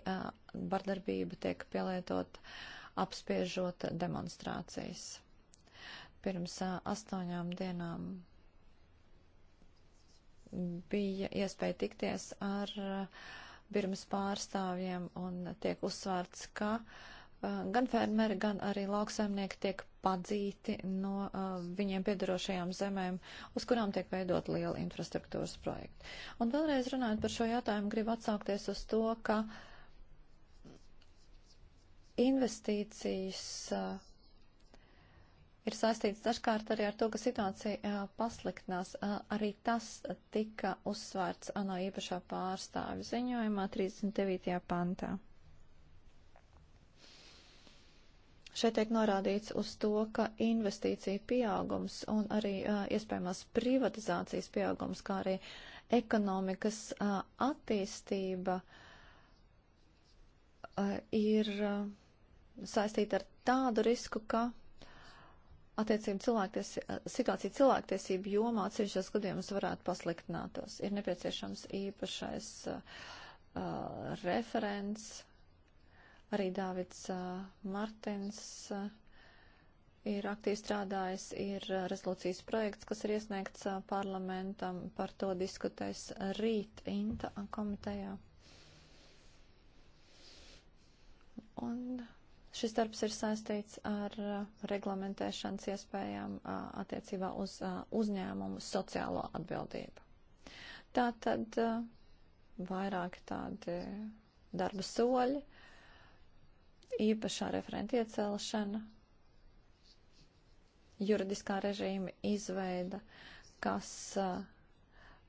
vardarbība tiek pielietot apspiežot demonstrācijas pirms a, astoņām dienām bija iespēja tikties ar Birmas pārstāvjiem un tiek uzsvērts, ka gan fermeri, gan arī lauksaimnieki tiek padzīti no uh, viņiem piedarošajām zemēm, uz kurām tiek veidot liela infrastruktūras projekta. Un vēlreiz runājot par šo jautājumu, gribu atsaukties uz to, ka investīcijas uh, ir saistīts dažkārt arī ar to, ka situācija pasliktinās. Arī tas tika uzsvērts ANO īpašā pārstāvju ziņojumā 39. pantā. Šeit tiek norādīts uz to, ka investīcija pieaugums un arī iespējamās privatizācijas pieaugums, kā arī ekonomikas attīstība ir saistīta ar tādu risku, ka attiecību cilvēkties, situācija cilvēktiesību jomā atsevišķos gadījumus varētu pasliktinātos. Ir nepieciešams īpašais uh, uh, referents, arī Dāvids uh, Martins uh, ir aktīvi strādājis, ir uh, rezolūcijas projekts, kas ir iesniegts uh, parlamentam, par to diskutēs rīt Inta komitejā. Un Šis darbs ir saistīts ar uh, reglamentēšanas iespējām uh, attiecībā uz uh, uzņēmumu sociālo atbildību. Tā tad vairāki tādi darba soļi, īpašā referenta iecelšana, juridiskā režīma izveida, kas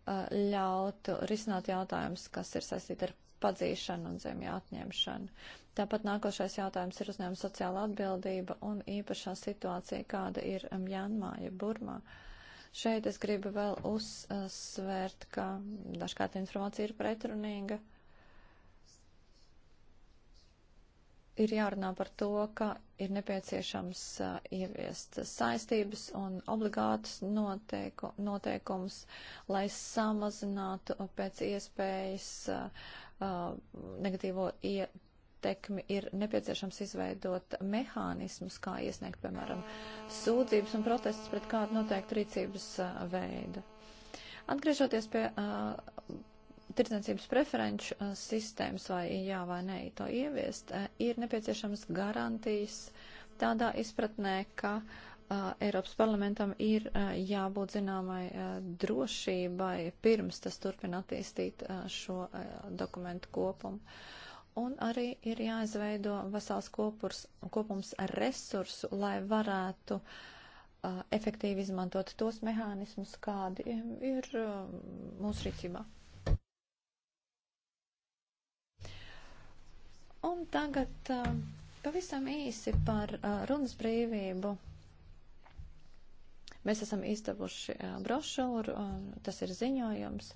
ļautu risināt jautājumus, kas ir saistīti ar padzīšanu un zemju atņemšanu. Tāpat nākošais jautājums ir uzņēmuma sociāla atbildība un īpašā situācija, kāda ir Mjanmā, um, ja Burmā. Šeit es gribu vēl uzsvērt, ka dažkārt informācija ir pretrunīga. ir jārunā par to, ka ir nepieciešams uh, ieviest saistības un obligātus noteiku, noteikumus, lai samazinātu pēc iespējas uh, negatīvo ietekmi, ir nepieciešams izveidot mehānismus, kā iesniegt, piemēram, sūdzības un protestus pret kādu noteiktu rīcības veidu. Atgriežoties pie uh, tirdzniecības preferenču uh, sistēmas, vai jā vai nē, to ieviest, uh, ir nepieciešams garantijas tādā izpratnē, ka uh, uh, Eiropas parlamentam ir uh, jābūt zināmai uh, drošībai pirms tas turpina attīstīt uh, šo uh, dokumentu kopumu. Un arī ir jāizveido vesels kopurs, kopums resursu, lai varētu uh, efektīvi izmantot tos mehānismus, kādi ir mūsu rīcībā. Un tagad pavisam īsi par runas brīvību Mēs esam izdevuši brošūru, tas ir ziņojums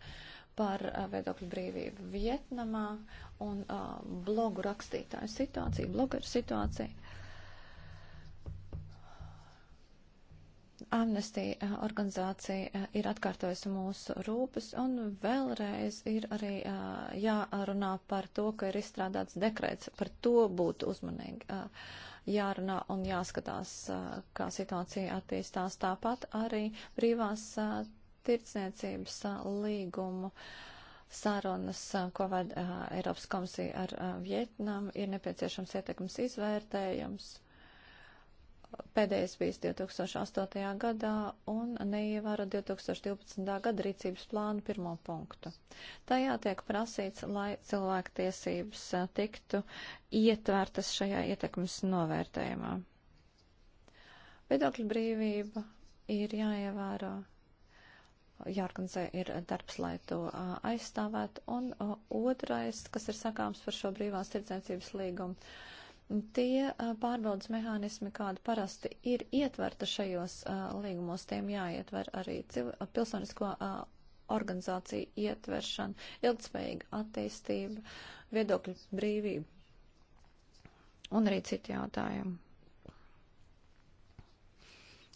par viedokļu brīvību Vietnamā un blogu rakstītāju situāciju, blogeru situāciju. Amnesty organizācija ir atkārtojusi mūsu rūpes un vēlreiz ir arī jārunā par to, ka ir izstrādāts dekrets. Par to būtu uzmanīgi jārunā un jāskatās, kā situācija attīstās. Tāpat arī brīvās tirdzniecības līgumu sarunas, ko ved Eiropas komisija ar Vietnamu, ir nepieciešams ietekmes izvērtējums pēdējais bijis 2008. gadā un neievēro 2012. gada rīcības plānu pirmo punktu. Tajā tiek prasīts, lai cilvēktiesības tiktu ietvertas šajā ietekmes novērtējumā. Viedokļa brīvība ir jāievēro, jāorganizē ir darbs, lai to aizstāvētu. Un otrais, kas ir sakāms par šo brīvās tirdzniecības līgumu Tie pārbaudas mehānismi, kādi parasti ir ietverta šajos līgumos, tiem jāietver arī pilsonisko organizāciju ietveršana, ilgspējīga attīstība, viedokļu brīvība un arī citi jautājumi.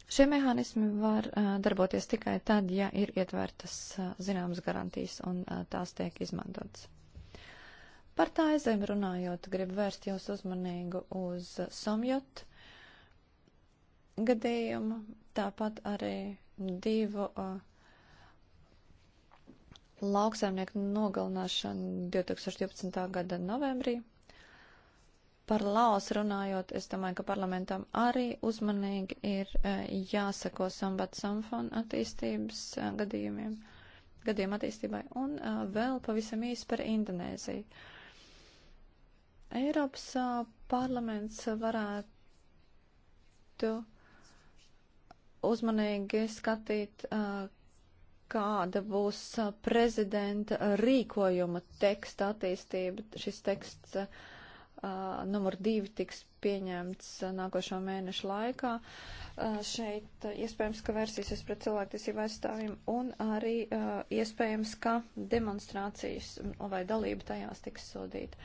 Šie mehānismi var uh, darboties tikai tad, ja ir ietvērtas uh, zināmas garantijas un uh, tās tiek izmantotas. Par tā aizēm runājot, gribu vērst jūs uzmanīgu uz Somjot gadījumu, tāpat arī divu uh, lauksaimnieku nogalināšanu 2012. gada novembrī. Par Laos runājot, es domāju, ka parlamentam arī uzmanīgi ir jāsako Sambat Samfon attīstības gadījumiem, gadījuma attīstībai. Un vēl pavisam īsi par Indonēziju. Eiropas parlaments varētu uzmanīgi skatīt, kāda būs prezidenta rīkojuma teksta attīstība. Šis teksts numur divi tiks pieņemts uh, nākošo mēnešu laikā. Uh, šeit uh, iespējams, ka vērsīsies pret cilvēktiesību aizstāvjiem un arī iespējams, ka demonstrācijas vai dalība tajās tiks sodīta.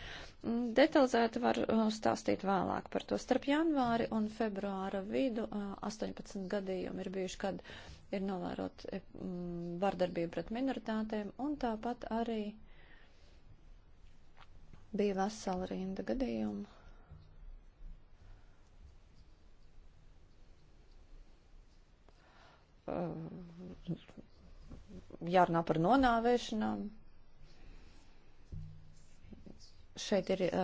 Mm, detalizēti var stāstīt vēlāk par to. Starp janvāri un februāra vidu 18 gadījumi ir bijuši, kad ir novērot e, mm, vardarbību pret minoritātēm, un tāpat arī bija vesela rinda gadījumu, Uh, jārunā par nonāvēšanām. Šeit ir uh,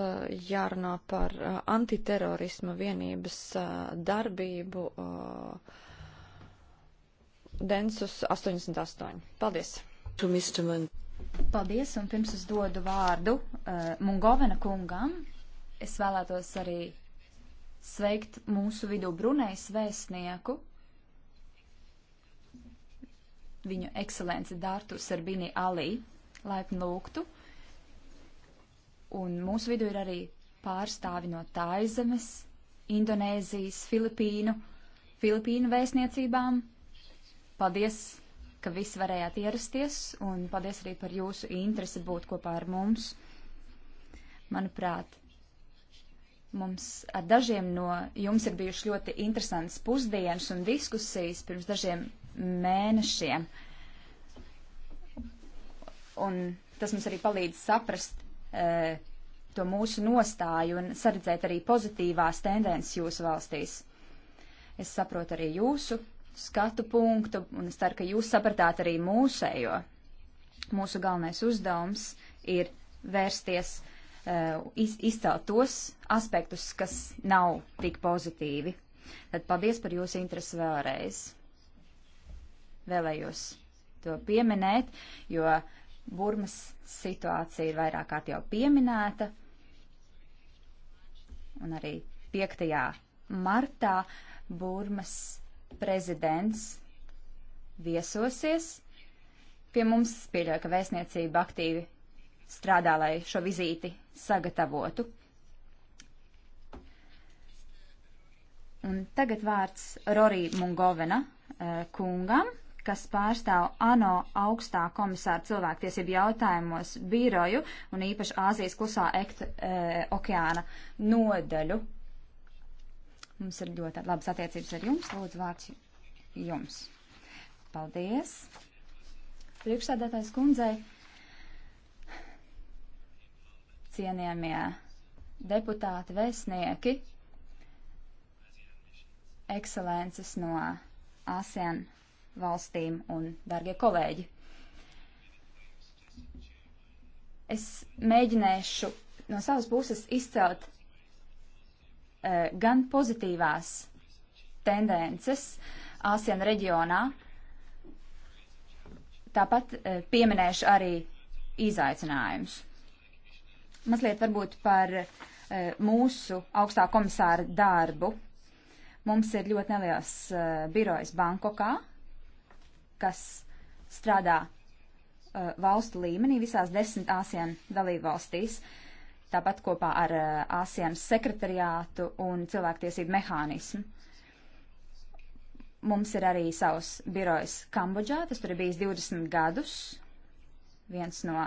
uh jārunā par uh, antiterorisma vienības darbību Densus 88. Paldies! Paldies, un pirms es dodu vārdu uh, Mungovena kungam, es vēlētos arī sveikt mūsu vidū Brunejas vēstnieku viņu ekscelenci Dārtu Serbini Alī, laipni lūgtu. Un mūsu vidū ir arī pārstāvi no Taizemes, Indonēzijas, Filipīnu, Filipīnu vēstniecībām. Paldies, ka visi varējāt ierasties, un paldies arī par jūsu interesi būt kopā ar mums. Manuprāt, Mums ar dažiem no jums ir bijušas ļoti interesantas pusdienas un diskusijas pirms dažiem mēnešiem. Un tas mums arī palīdz saprast e, to mūsu nostāju un saredzēt arī pozitīvās tendences jūsu valstīs. Es saprotu arī jūsu skatu punktu un es ceru, ka jūs sapratāt arī mūsējo. Mūsu galvenais uzdevums ir vērsties e, iz, izcelt tos aspektus, kas nav tik pozitīvi. Tad paldies par jūsu interesi vēlreiz. Vēlējos to pieminēt, jo Burmas situācija ir vairāk kārt jau pieminēta. Un arī 5. martā Burmas prezidents viesosies pie mums. Pieļauju, ka vēstniecība aktīvi strādā, lai šo vizīti sagatavotu. Un tagad vārds Rorī Mungovena eh, kungam kas pārstāv ANO augstā komisāra cilvēktiesību jautājumos biroju un īpaši Āzijas klusā ekta, e, okeāna nodaļu. Mums ir ļoti labas attiecības ar jums. Lūdzu, vārds jums. Paldies. Priekšsēdētājs kundzei. Cienījamie deputāti, vēstnieki, ekscelences no ASEAN valstīm un, darbie kolēģi, es mēģināšu no savas puses izcelt uh, gan pozitīvās tendences ASEAN reģionā, tāpat uh, pieminēšu arī izaicinājumus. Mazliet varbūt par uh, mūsu augstā komisāra darbu. Mums ir ļoti neliels uh, birojs Bankokā, kas strādā uh, valstu līmenī visās desmit ASEAN dalībvalstīs, tāpat kopā ar uh, ASEAN sekretariātu un cilvēktiesību mehānismu. Mums ir arī savs birojs Kambodžā, tas tur ir bijis 20 gadus, viens no,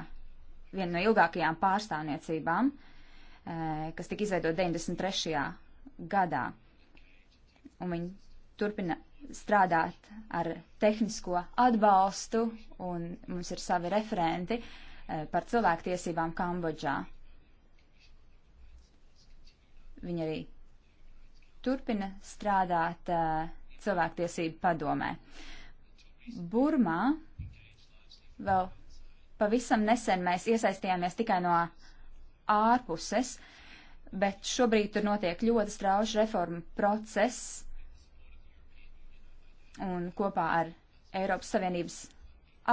viena no ilgākajām pārstāvniecībām, uh, kas tika izveidota 93. gadā. Un viņi turpina strādāt ar tehnisko atbalstu, un mums ir savi referenti eh, par cilvēktiesībām Kambodžā. Viņi arī turpina strādāt eh, cilvēktiesību padomē. Burmā vēl pavisam nesen mēs iesaistījāmies tikai no ārpuses, bet šobrīd tur notiek ļoti strauši reforma process un kopā ar Eiropas Savienības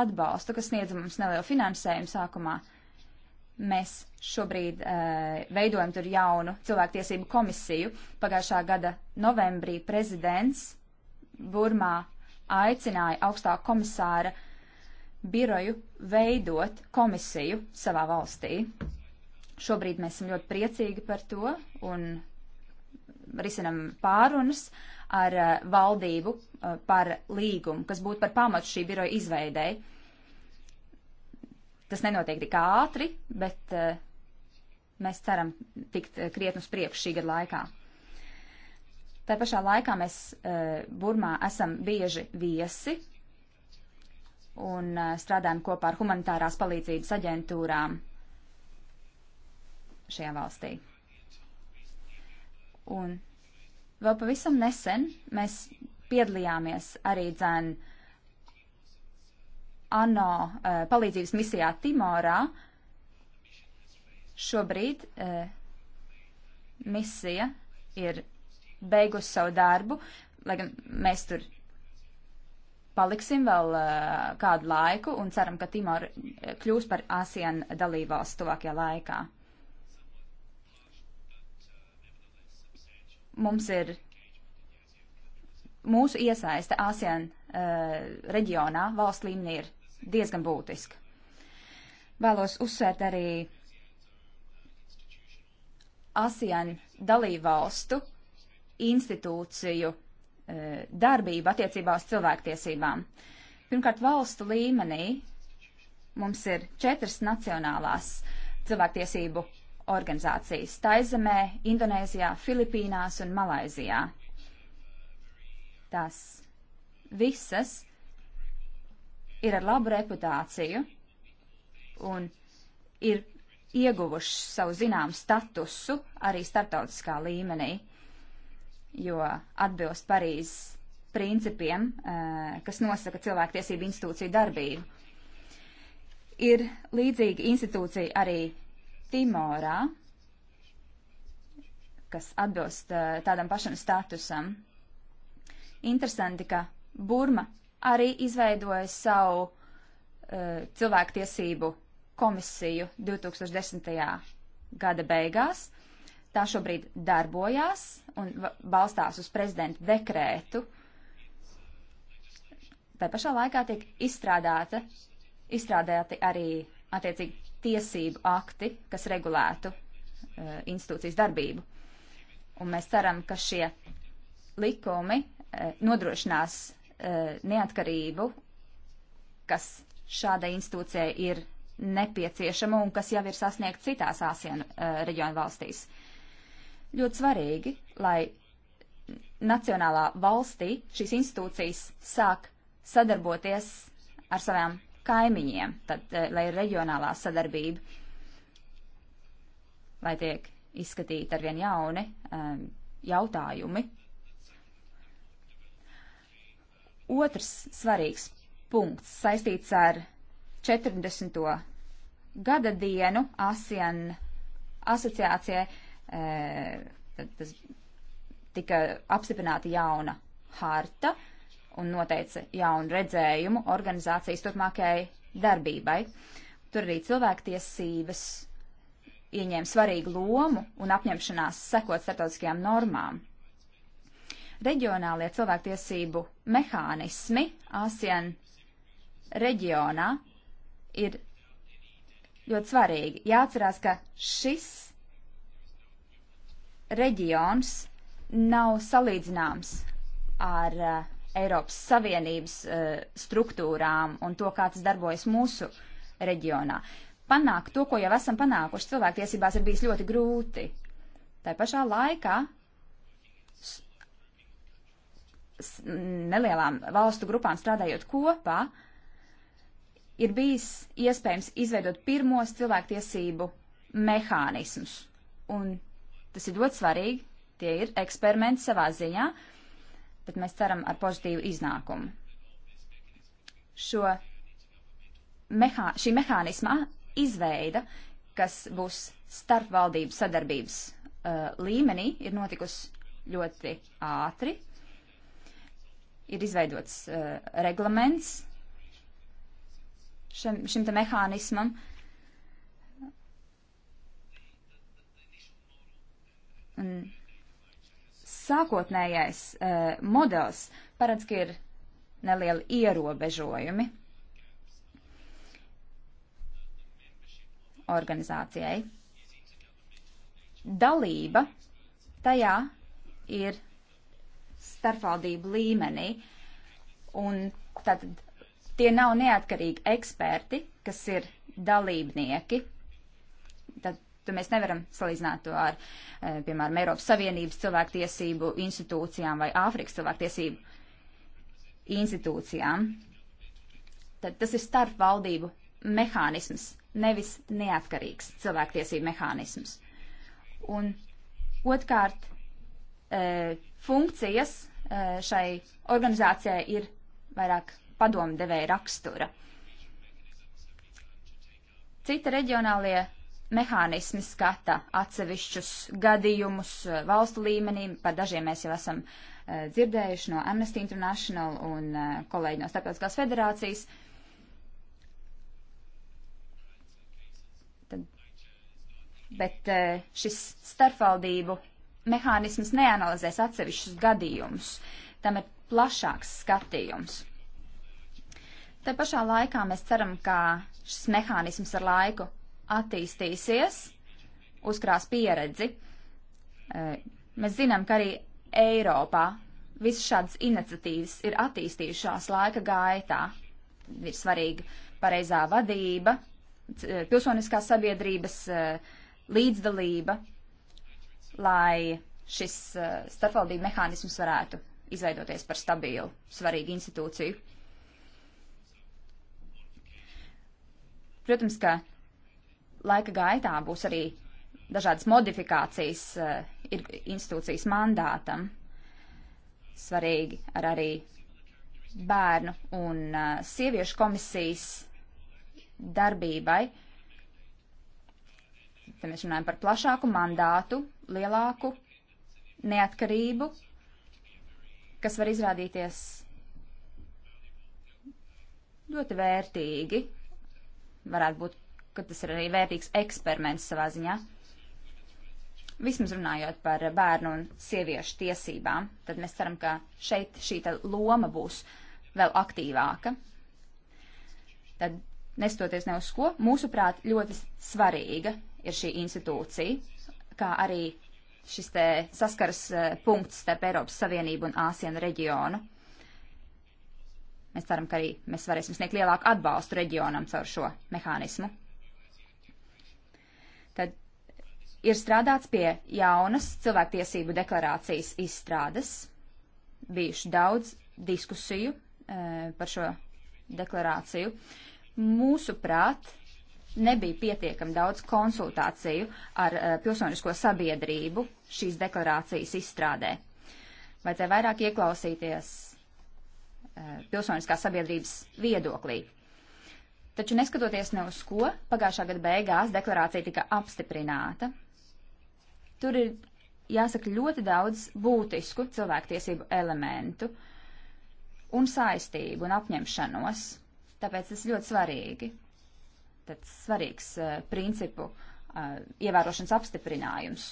atbalstu, kas sniedza mums nelielu finansējumu sākumā, mēs šobrīd uh, e, veidojam tur jaunu cilvēktiesību komisiju. Pagājušā gada novembrī prezidents Burmā aicināja augstā komisāra biroju veidot komisiju savā valstī. Šobrīd mēs esam ļoti priecīgi par to un risinam pārunas. Uh, ar eh, valdību eh, par līgumu, kas būtu par pamatu šī biroja izveidēji. Tas nenotiek tik ātri, bet eh, mēs ceram tikt krietni uz priekšu šī gada laikā. Tā pašā laikā mēs Burmā esam bieži viesi un strādājam kopā ar humanitārās palīdzības aģentūrām šajā valstī. Un Vēl pavisam nesen mēs piedalījāmies arī dzēn ANO uh, palīdzības misijā Timorā. Šobrīd uh, misija ir beigusi savu darbu, lai gan mēs tur paliksim vēl uh, kādu laiku un ceram, ka Timor kļūs par ASEAN dalībvalsts tuvākajā laikā. Mums ir mūsu iesaiste ASEAN uh, reģionā valsts līmenī ir diezgan būtiska. Vēlos uzsvērt arī ASEAN dalībvalstu institūciju uh, darbību attiecībā uz cilvēktiesībām. Pirmkārt, valstu līmenī mums ir četras nacionālās cilvēktiesību organizācijas Taizemē, Indonēzijā, Filipīnās un Malaizijā. Tās visas ir ar labu reputāciju un ir ieguvuši savu zināmu statusu arī starptautiskā līmenī, jo atbilst Parīzes principiem, eh, kas nosaka cilvēktiesību institūciju darbību. Ir līdzīga institūcija arī Timorā, kas atbilst eh, tādam pašam statusam. Interesanti, ka Burma arī izveidoja savu uh, cilvēktiesību komisiju 2010. gada beigās. Tā šobrīd darbojās un balstās uz prezidenta dekrētu. Tā pašā laikā tiek izstrādāta, izstrādāti arī attiecīgi tiesību akti, kas regulētu uh, institūcijas darbību. Un mēs ceram, ka šie likumi uh, nodrošinās uh, neatkarību, kas šādai institūcijai ir nepieciešama un kas jau ir sasniegts citās ASEAN reģionu valstīs. Ļoti svarīgi, lai nacionālā valstī šīs institūcijas sāk sadarboties ar savām kaimiņiem, tad, eh, lai ir reģionālā sadarbība, lai tiek izskatīti arvien jauni um, jautājumi. Otrs svarīgs punkts saistīts ar 40. gada dienu ASEAN asociācijai. E, tas tika apstiprināta jauna harta, un noteica jaunu redzējumu organizācijas turpmākajai darbībai. Tur arī cilvēktiesības ieņēma svarīgu lomu un apņemšanās sekot starptautiskajām normām. Reģionālie cilvēktiesību mehānismi ASEAN reģionā ir ļoti svarīgi. Jāatcerās, ka šis reģions nav salīdzināms ar uh, Eiropas Savienības eh, struktūrām un to, kā tas darbojas mūsu reģionā. Panākt to, ko jau esam panākuši cilvēktiesībās, ir bijis ļoti grūti. Tā pašā laikā nelielām valstu grupām strādājot kopā, ir bijis iespējams izveidot pirmos cilvēktiesību mehānismus. Un tas ir ļoti svarīgi, tie ir eksperimenti savā ziņā, uh, bet mēs ceram ar pozitīvu iznākumu. Šo mehā, šī mehānisma izveida, kas būs starpvaldību sadarbības uh, līmenī, ir notikusi ļoti ātri. Ir izveidots uh, reglaments šim, šim te mehānismam. Un sākotnējais e, eh, modelis paredz, ka ir nelieli ierobežojumi organizācijai. Dalība tajā ir starpvaldību līmenī, un tad tie nav neatkarīgi eksperti, kas ir dalībnieki. Tad to mēs nevaram salīdzināt to ar, e, piemēram, Eiropas Savienības cilvēktiesību institūcijām vai Āfrikas cilvēktiesību institūcijām. Tad tas ir starpvaldību mehānisms, nevis neatkarīgs cilvēktiesību mehānisms. Un otrkārt, e, funkcijas e, šai organizācijai ir vairāk padomdevēja rakstura. Cita reģionālie mehānismi skata atsevišķus gadījumus eh, valstu līmenī. Par dažiem mēs jau esam eh, dzirdējuši no Amnesty International un eh, kolēģi no Starptautiskās federācijas. Tad, bet šis starpvaldību mehānisms neanalizēs atsevišķus gadījumus. Tam ir plašāks skatījums. Te pašā laikā mēs ceram, ka šis mehānisms ar laiku attīstīsies, uzkrās pieredzi. E, mēs zinām, ka arī Eiropā visas šādas iniciatīvas ir attīstījušās laika gaitā. Ir svarīga pareizā vadība, pilsoniskās sabiedrības e, līdzdalība, lai šis e, starpvaldību mehānisms varētu izveidoties par stabilu, svarīgu institūciju. Protams, ka laika gaitā būs arī dažādas modifikācijas eh, ir institūcijas mandātam. Svarīgi ar arī bērnu un eh, sieviešu komisijas darbībai. Te mēs runājam par plašāku mandātu, lielāku neatkarību, kas var izrādīties ļoti vērtīgi. Varētu būt ka tas ir arī vērtīgs eksperiments savā ziņā. Vismaz runājot par bērnu un sieviešu tiesībām, tad mēs ceram, ka šeit šī loma būs vēl aktīvāka. Tad, nestoties ne uz ko, mūsuprāt, ļoti svarīga ir šī institūcija, kā arī šis te saskaras eh, punkts starp Eiropas Savienību un Āsienu reģionu. Mēs ceram, ka arī mēs varēsim sniegt lielāku atbalstu reģionam caur šo mehānismu. ir strādāts pie jaunas cilvēktiesību deklarācijas izstrādes. Bijuši daudz diskusiju e, par šo deklarāciju. Mūsuprāt, nebija pietiekami daudz konsultāciju ar e, pilsonisko sabiedrību šīs deklarācijas izstrādē. Vajadzēja vairāk ieklausīties e, pilsoniskā sabiedrības viedoklī. Taču neskatoties ne uz ko, pagājušā gada beigās deklarācija tika apstiprināta, Tur ir jāsaka ļoti daudz būtisku cilvēktiesību elementu un saistību un apņemšanos. Tāpēc tas ļoti svarīgi. Tas svarīgs uh, principu uh, ievērošanas apstiprinājums.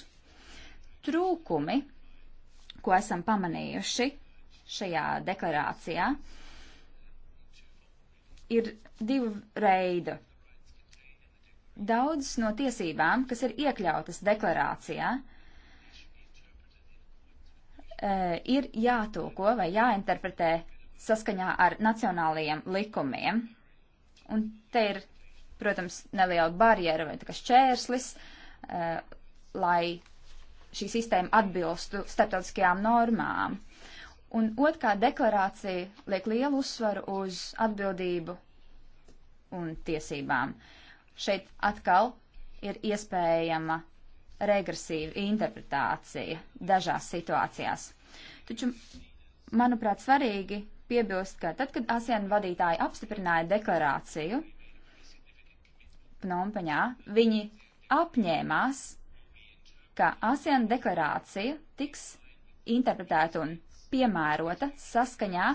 Trūkumi, ko esam pamanījuši šajā deklarācijā, ir divu veidu Daudz no tiesībām, kas ir iekļautas deklarācijā, e, ir jātūko vai jāinterpretē saskaņā ar nacionālajiem likumiem. Un te ir, protams, neliela barjera vai šķērslis, e, lai šī sistēma atbilstu starptautiskajām normām. Un otrkārt, deklarācija liek lielu uzsvaru uz atbildību un tiesībām. Uh, Šeit atkal ir iespējama regresīva interpretācija dažās situācijās. Taču, manuprāt, svarīgi piebilst, ka tad, kad ASEAN vadītāji apstiprināja deklarāciju Pnompeņā, viņi apņēmās, ka ASEAN deklarācija tiks interpretēta un piemērota saskaņā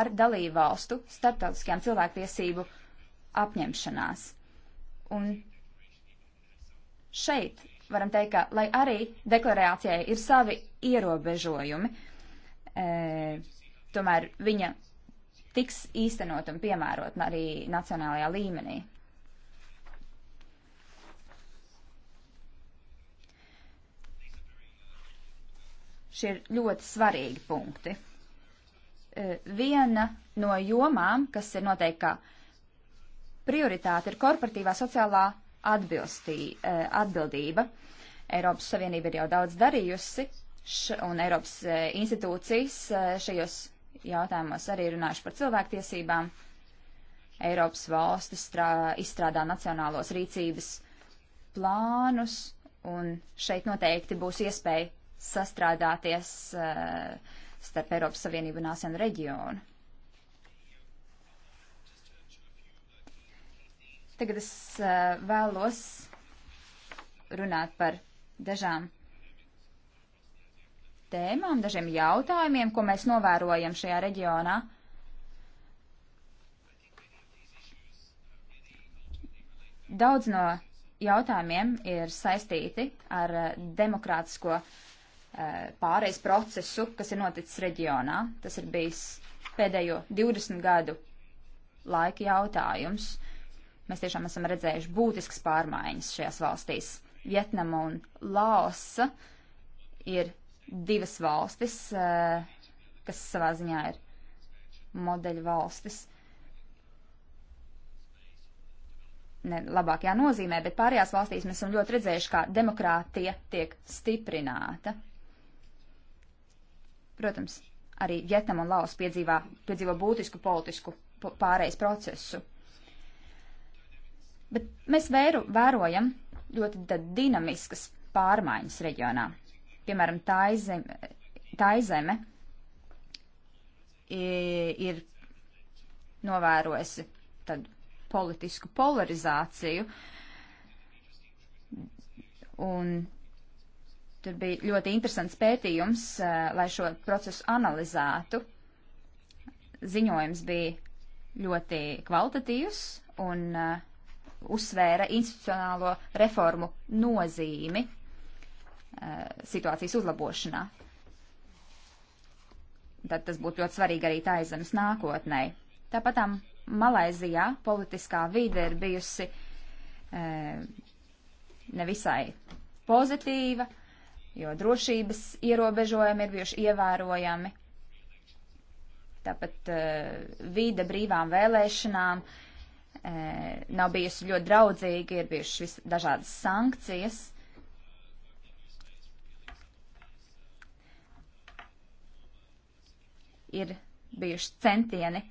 ar dalību valstu starptautiskajām cilvēktiesību apņemšanās. Un šeit varam teikt, ka, lai arī deklarācijai ir savi ierobežojumi, e, tomēr viņa tiks īstenot un piemērot arī nacionālajā līmenī. Šie ir ļoti svarīgi punkti. E, viena no jomām, kas ir noteikti kā prioritāte ir korporatīvā sociālā atbilstī, e, atbildība. Eiropas Savienība ir jau daudz darījusi, š, un Eiropas e, institūcijas e, šajos jautājumos arī runājuši par cilvēktiesībām. Eiropas valstis strā, izstrādā nacionālos rīcības plānus, un šeit noteikti būs iespēja sastrādāties uh, starp Eiropas Savienību un ASEAN reģionu. Tagad es eh, vēlos runāt par dažām tēmām, dažiem jautājumiem, ko mēs novērojam šajā reģionā. Daudz no jautājumiem ir saistīti ar eh, demokrātisko eh, pārejas procesu, kas ir noticis reģionā. Tas ir bijis pēdējo 20 gadu laika jautājums. Mēs tiešām esam redzējuši būtiskas pārmaiņas šajās valstīs. Vietnama un Laosa ir divas valstis, eh, kas savā ziņā ir modeļu valstis. Ne labākajā nozīmē, bet pārējās valstīs mēs esam ļoti redzējuši, kā demokrātija tiek stiprināta. Protams, arī Vietnam un Laos piedzīvā, piedzīvo būtisku politisku pārējais procesu. Bet mēs vēru, vērojam ļoti dinamiskas pārmaiņas reģionā. Piemēram, tā izeme, tā izeme ir novērojusi tad politisku polarizāciju. Un tur bija ļoti interesants pētījums, e, lai šo procesu analizētu. Ziņojums bija ļoti kvalitatīvs un uh, uzsvēra institucionālo reformu nozīmi eh, situācijas uzlabošanā. Tad tas būtu ļoti svarīgi arī tā aizemes nākotnē. Tāpat Malaizijā politiskā vide ir bijusi e, nevisai pozitīva, jo drošības ierobežojumi ir bijuši ievērojami. Tāpat e, vide brīvām vēlēšanām, e, nav bijusi ļoti draudzīgi, ir bijušas dažādas sankcijas. Ir bijuši centieni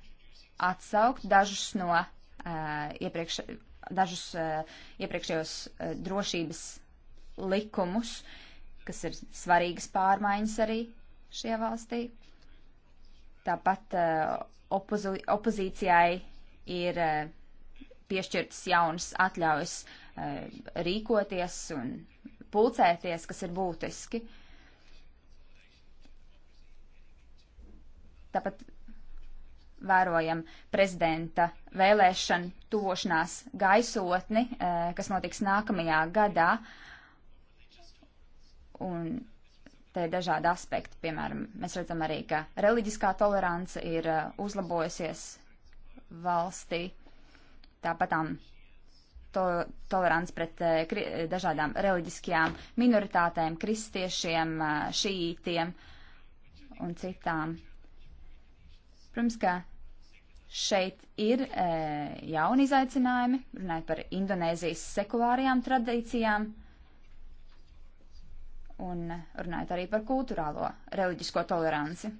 atsaukt dažus no uh, iepriekš, dažus uh, iepriekšējos uh, drošības likumus, kas ir svarīgas pārmaiņas arī šajā valstī. Tāpat uh, opozi opozīcijai ir uh, piešķirtas jaunas atļaujas e, rīkoties un pulcēties, kas ir būtiski. Tāpat vērojam prezidenta vēlēšanu tuvošanās gaisotni, e, kas notiks nākamajā gadā. Un te ir dažādi aspekti. Piemēram, mēs redzam arī, ka reliģiskā tolerance ir e, uzlabojusies valstī tāpatām to, tolerants pret eh, kri, eh, dažādām reliģiskajām minoritātēm, kristiešiem, eh, šītiem un citām. Protams, ka šeit ir e, jauni izaicinājumi, runājot par Indonēzijas sekulārajām tradīcijām un runājot arī par kultūrālo reliģisko toleranci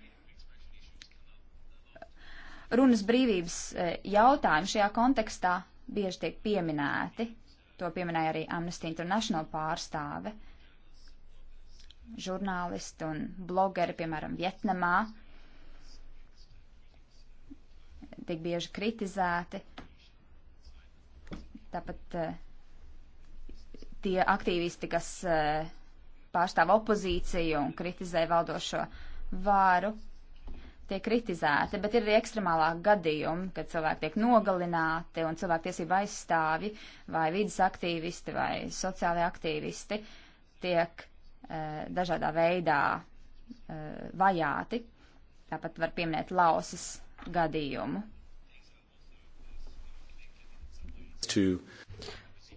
runas brīvības e, jautājumi šajā kontekstā bieži tiek pieminēti. To pieminēja arī Amnesty International pārstāve. Žurnālisti un blogeri, piemēram, Vietnamā, tik bieži kritizēti. Tāpat e, tie aktīvisti, kas e, pārstāv opozīciju un kritizē valdošo vāru, tiek kritizēti, bet ir arī ekstremālāki gadījumi, kad cilvēki tiek nogalināti un cilvēktiesība aizstāvi vai vidas aktīvisti vai sociālai aktīvisti tiek uh, dažādā veidā uh, vajāti. Tāpat var pieminēt lausas gadījumu. To...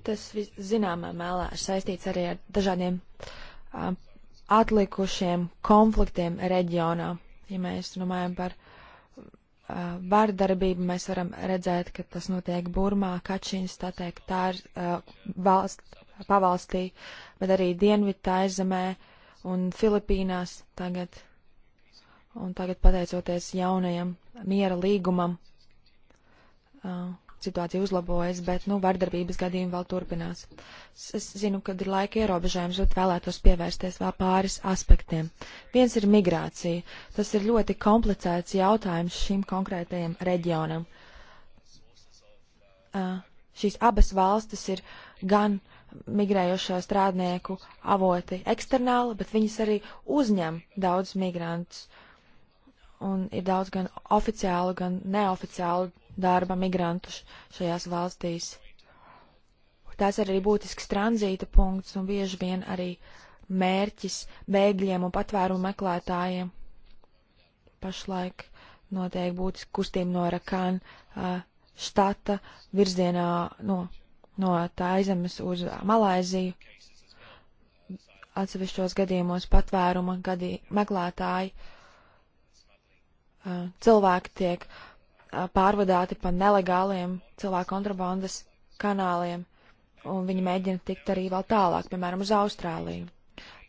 Tas zināmā mēlā ir saistīts arī ar dažādiem uh, atlikušiem konfliktiem reģionā Ja mēs runājam par uh, vardarbību, mēs varam redzēt, ka tas notiek Burmā, Kačins, tā teikt, tā ir uh, valst, pavalstī, bet arī Dienvidtā aizemē un Filipīnās tagad. Un tagad pateicoties jaunajam miera līgumam, uh, situācija uzlabojas, bet, nu, vardarbības gadījumi vēl turpinās. Es zinu, ka ir laika ierobežojums, bet vēlētos pievērsties vēl pāris aspektiem. Viens ir migrācija. Tas ir ļoti komplicēts jautājums šim konkrētajam reģionam. Uh, šīs abas valstis ir gan migrējošo strādnieku avoti eksternāli, bet viņas arī uzņem daudz migrantus. Un ir daudz gan oficiālu, gan neoficiālu darba migrantus šajās valstīs. Tās ir arī būtisks tranzīta punkts un bieži vien arī mērķis bēgļiem un patvērumu meklētājiem. Pašlaik notiek būtiski kustība no Rakāna uh, štata virzienā no, no tā aizemes uz Malaiziju. Atsevišķos gadījumos patvēruma gadī, meklētāji uh, cilvēki tiek uh, pārvadāti pa nelegāliem cilvēku kontrabandas kanāliem, un viņi mēģina tikt arī vēl tālāk, piemēram, uz Austrāliju.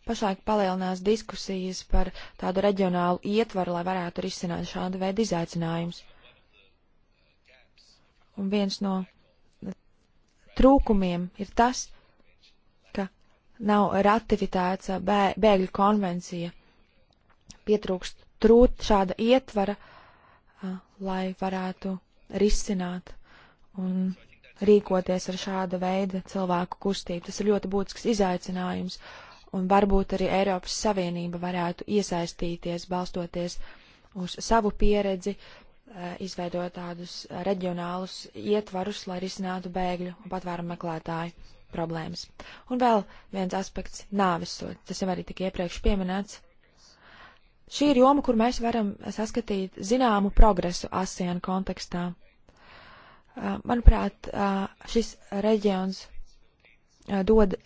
Pašlaik palielinās diskusijas par tādu reģionālu ietvaru, lai varētu risināt šādu veidu izaicinājumus. Un viens no trūkumiem ir tas, ka nav ratificēts bēgļu konvencija. Pietrūkst trūt šāda ietvara, uh, lai varētu risināt un rīkoties ar šāda veida cilvēku kustību. Tas ir ļoti būtisks izaicinājums, un varbūt arī Eiropas Savienība varētu iesaistīties, balstoties uz savu pieredzi, eh, izveidot tādus reģionālus ietvarus, lai risinātu bēgļu un patvērumu meklētāju problēmas. Un vēl viens aspekts - nāvisots. Tas jau arī tik iepriekš pieminēts Šī ir joma, kur mēs varam saskatīt zināmu progresu ASEAN kontekstā. Uh, manuprāt, uh, šis reģions uh, dod,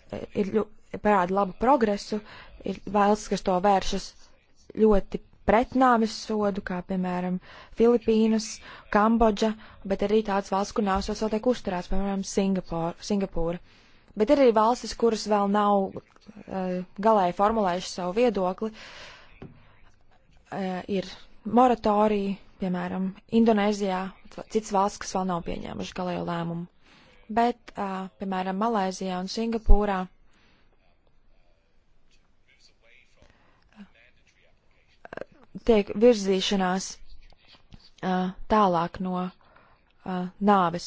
ir, parāda labu progresu, ir valsts, kas to vēršas ļoti pretnāvis sodu, kā piemēram Filipīnas, Kambodža, bet arī tāds valsts, kur nāvis sods vēl tiek uzturēts, piemēram, Singapūra. Singapūra. Bet ir arī valstis, kuras vēl nav uh, galēji formulējušas savu viedokli, Eh, ir moratorija, piemēram, Indonēzijā, citas valsts, kas vēl nav pieņēmuši galējo lēmumu. Bet, eh, piemēram, Malaizijā un Singapūrā eh, tiek virzīšanās tālāk no nāves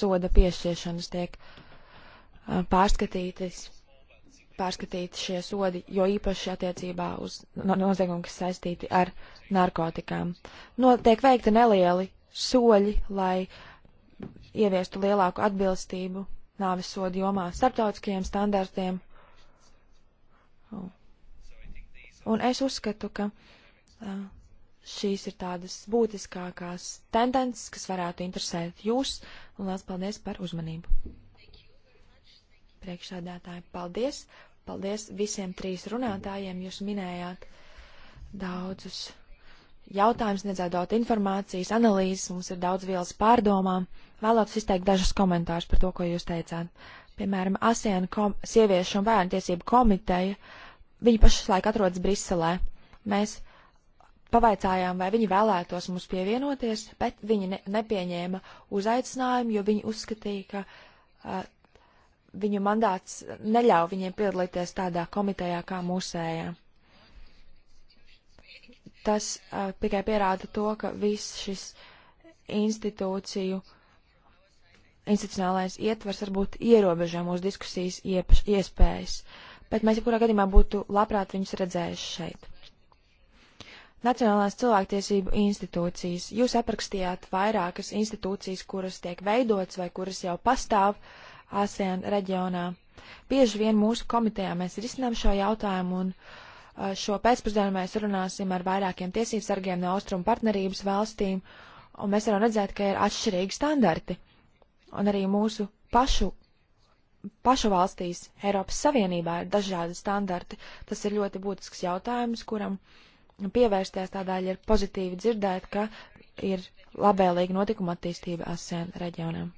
soda piešķiešanas tiek pārskatītas pārskatīti šie sodi, jo īpaši attiecībā uz no, noziegumu, kas saistīti ar narkotikām. Notiek veikti nelieli soļi, lai ieviestu lielāku atbilstību nāves sodu jomā starptautiskajiem standartiem. Un es uzskatu, ka šīs ir tādas būtiskākās tendences, kas varētu interesēt jūs, un liels paldies par uzmanību! priekšsādātāji. Paldies! Paldies visiem trīs runātājiem. Jūs minējāt daudzus jautājumus, nedzēdot informācijas, analīzes. Mums ir daudz vielas pārdomām. Vēlētos izteikt dažus komentārus par to, ko jūs teicāt. Piemēram, ASEAN kom sieviešu un bērnu tiesību komiteja. Viņi pašlaik atrodas Briselē. Mēs pavaicājām, vai viņi vēlētos mums pievienoties, bet viņi ne, nepieņēma uzaicinājumu, jo viņi uzskatīja, ka uh, viņu mandāts neļauj viņiem piedalīties tādā komitejā kā mūsējā. Tas uh, tikai pierāda to, ka viss šis institūciju, institucionālais ietvers varbūt ierobežo mūsu diskusijas iepš, iespējas, bet mēs jebkurā gadījumā būtu labprāt viņus redzējuši šeit. Nacionālās cilvēktiesību institūcijas. Jūs aprakstījāt vairākas institūcijas, kuras tiek veidotas vai kuras jau pastāv. Uh, ASEAN reģionā. Bieži vien mūsu komitejā mēs risinām šo jautājumu un uh, šo pēcpusdienu mēs runāsim ar vairākiem tiesību sargiem no austrumu partnerības valstīm, un mēs varam redzēt, ka ir atšķirīgi standarti. Un arī mūsu pašu, pašu valstīs, Eiropas Savienībā ir dažādi standarti. Tas ir ļoti būtisks jautājums, kuram pievērsties tādēļ ir pozitīvi dzirdēt, ka ir labvēlīga notikuma attīstība ASEAN reģionam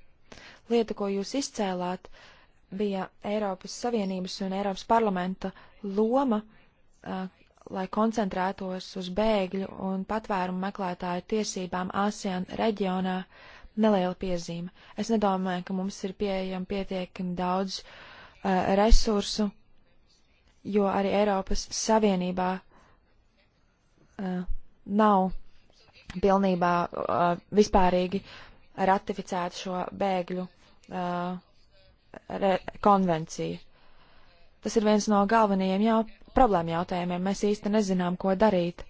lieta, ko jūs izcēlāt, bija Eiropas Savienības un Eiropas parlamenta loma, uh, lai koncentrētos uz bēgļu un patvērumu meklētāju tiesībām ASEAN reģionā, neliela piezīme. Es nedomāju, ka mums ir pieejami pietiekami daudz uh, resursu, jo arī Eiropas Savienībā uh, nav pilnībā uh, vispārīgi uh, ratificētu šo bēgļu uh, re, konvenciju. Tas ir viens no galvenajiem jau, problēma jautājumiem. Mēs īsti nezinām, ko darīt.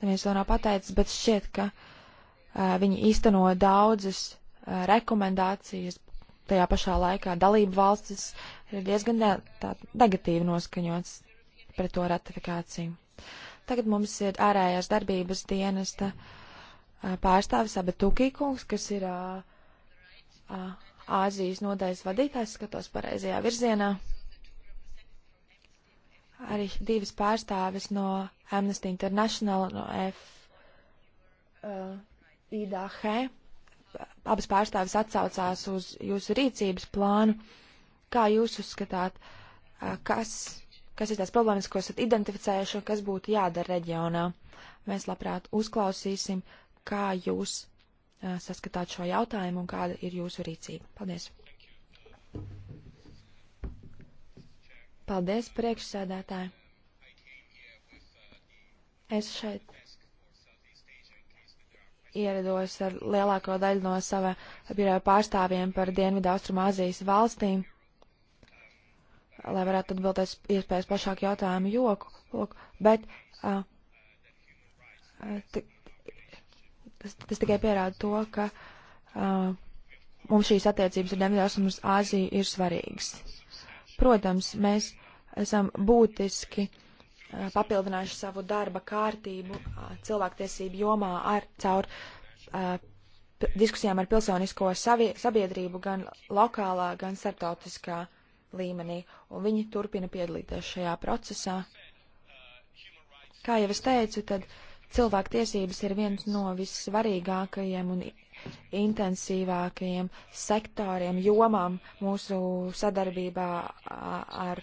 Neviens to nav pateicis, bet šķiet, ka uh, viņi īsteno daudzas uh, rekomendācijas. Tajā pašā laikā dalību valstis ir diezgan ne, tā, negatīvi noskaņots pret to ratifikāciju. Tagad mums ir ārējās darbības dienesta uh, Eh, pārstāvis Abetukī kungs, kas ir eh, eh, Āzijas nodaļas vadītājs, skatos pareizajā virzienā. Arī divas pārstāvis no Amnesty International, no F. Uh, IDH. Abas pārstāvis atsaucās uz jūsu rīcības plānu. Kā jūs uzskatāt, uh, kas, kas ir tās problēmas, ko esat identificējuši un kas būtu jādara reģionā? Mēs labprāt uzklausīsim uh, kā jūs saskatāt šo jautājumu un kāda ir jūsu rīcība. Paldies! Paldies, priekšsēdētāji! Es šeit ierados ar lielāko daļu no sava biroja pārstāvjiem par Dienvidu Austrumāzijas valstīm, lai varētu atbildēt iespējas plašāku jautājumu joku, lūk, bet uh, tas, tas tikai pierāda to, ka uh, mums šīs attiecības ar Dienvidaustrumus Āziju ir svarīgas. Protams, mēs esam būtiski uh, papildinājuši savu darba kārtību uh, cilvēktiesību jomā ar caur uh, diskusijām ar pilsonisko savie, sabiedrību gan lokālā, gan starptautiskā līmenī, un viņi turpina piedalīties šajā procesā. Kā jau es teicu, tad uh, cilvēku tiesības ir viens no vissvarīgākajiem un intensīvākajiem sektoriem, jomām mūsu sadarbībā ar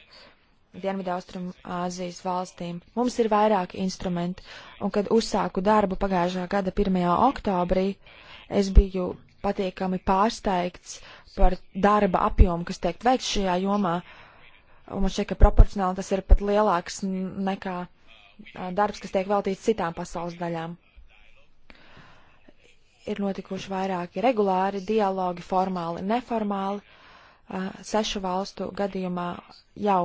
Dienvidaustrum Āzijas valstīm. Mums ir vairāki instrumenti, un kad uzsāku darbu pagājušā gada 1. oktobrī, es biju patiekami pārsteigts par darba apjomu, kas tiek veikts šajā jomā. Un man šķiet, ka proporcionāli tas ir pat lielāks nekā uh, darbs, kas tiek veltīts citām pasaules daļām. Ir notikuši vairāki regulāri dialogi, formāli, neformāli. Sešu valstu gadījumā jau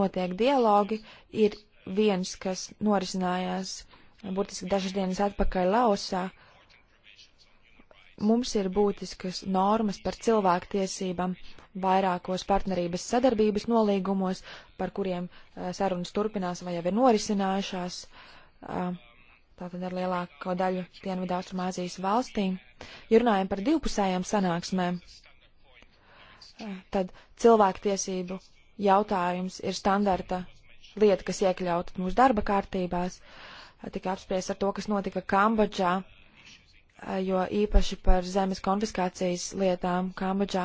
notiek dialogi. Ir viens, kas norisinājās burtiski dažas dienas atpakaļ Laosā, uh, mums ir būtiskas normas par cilvēktiesībām vairākos partnerības sadarbības nolīgumos, par kuriem uh, sarunas turpinās vai jau ir norisinājušās, uh, tātad ar lielāko daļu Dienvidā Austrumāzijas valstīm. Ja runājam par divpusējām sanāksmēm, uh, tad cilvēktiesību jautājums ir standarta lieta, kas iekļauta mūsu darba kārtībās, tika apspriest ar to, kas notika Kambodžā jo īpaši par zemes konfiskācijas lietām Kambodžā.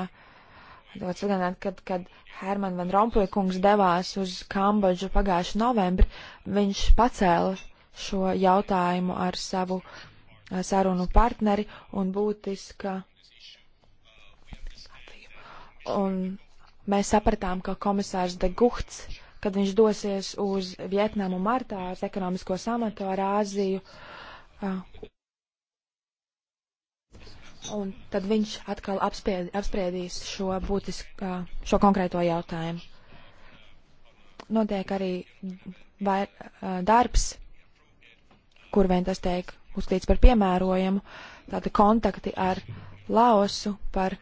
Tāds atgādināt, kad, kad Herman Van Rompuy kungs devās uz Kambodžu pagājušu novembri, viņš pacēla šo jautājumu ar savu sarunu partneri un būtiska. Un mēs sapratām, ka komisārs De Guhts, kad viņš dosies uz Vietnamu martā ar ekonomisko samatu ar Āziju, uh, Un tad viņš atkal apspied, apspriedīs šo būtiskā, šo konkrēto jautājumu. Notiek arī vair, darbs, kur vien tas tiek uzskatīts par piemērojumu, tāda kontakti ar Laosu par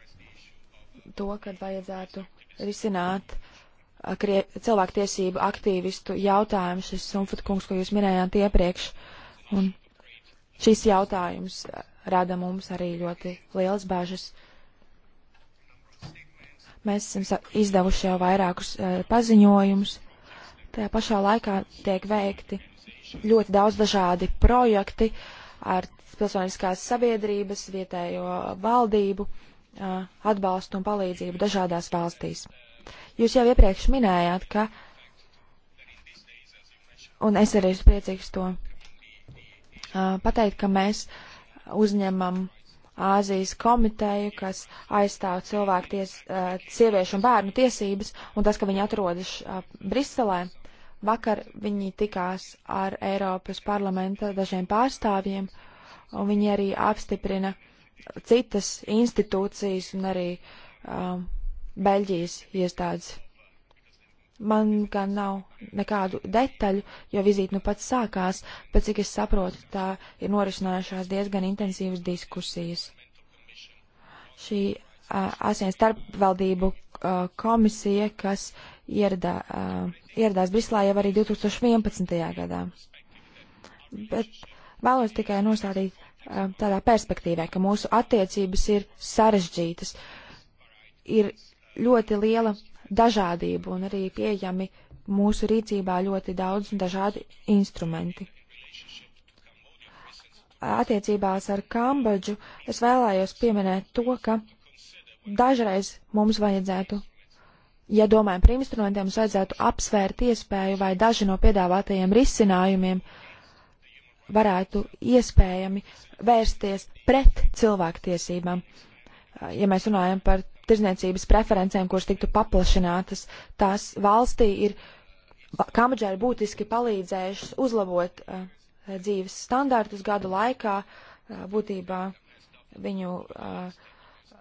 to, kad vajadzētu risināt krie, cilvēktiesību aktīvistu jautājumus. Šis Sunfut kungs, ko jūs minējāt iepriekš, un Šis jautājums eh, rada mums arī ļoti lielas bažas. Mēs esam izdevuši jau vairākus uh, paziņojumus. Tajā pašā laikā tiek veikti ļoti daudz dažādi projekti ar pilsoniskās sabiedrības, vietējo valdību uh, atbalstu un palīdzību dažādās valstīs. Jūs jau iepriekš minējāt, ka, un es arī esmu priecīgs to pateikt, ka mēs uzņemam Āzijas komiteju, kas aizstāv cilvēku ties, sieviešu un bērnu tiesības, un tas, ka viņi atrodas Briselē. Vakar viņi tikās ar Eiropas parlamenta dažiem pārstāvjiem, un viņi arī apstiprina citas institūcijas un arī um, Beļģijas iestādes Man gan nav nekādu detaļu, jo vizīte nu pats sākās, bet cik es saprotu, tā ir norisinājušās diezgan intensīvas diskusijas. Šī uh, ASEAN starpvaldību uh, komisija, kas ieradā, uh, ieradās Brislā jau arī 2011. gadā. Bet vēlos tikai nostādīt uh, tādā perspektīvē, ka mūsu attiecības ir sarežģītas. Ir ļoti liela dažādību un arī pieejami mūsu rīcībā ļoti daudz un dažādi instrumenti. Attiecībās ar Kambodžu es vēlējos pieminēt to, ka dažreiz mums vajadzētu, ja domājam par instrumentiem, mums vajadzētu apsvērt iespēju vai daži no piedāvātajiem risinājumiem varētu iespējami vērsties pret cilvēktiesībām. Ja mēs runājam par tirzniecības preferencēm, kuras tiktu paplašinātas. Tās valstī ir, Kambodžā ir būtiski palīdzējušas uzlabot uh, dzīves standārtus gadu laikā, uh, būtībā viņu uh,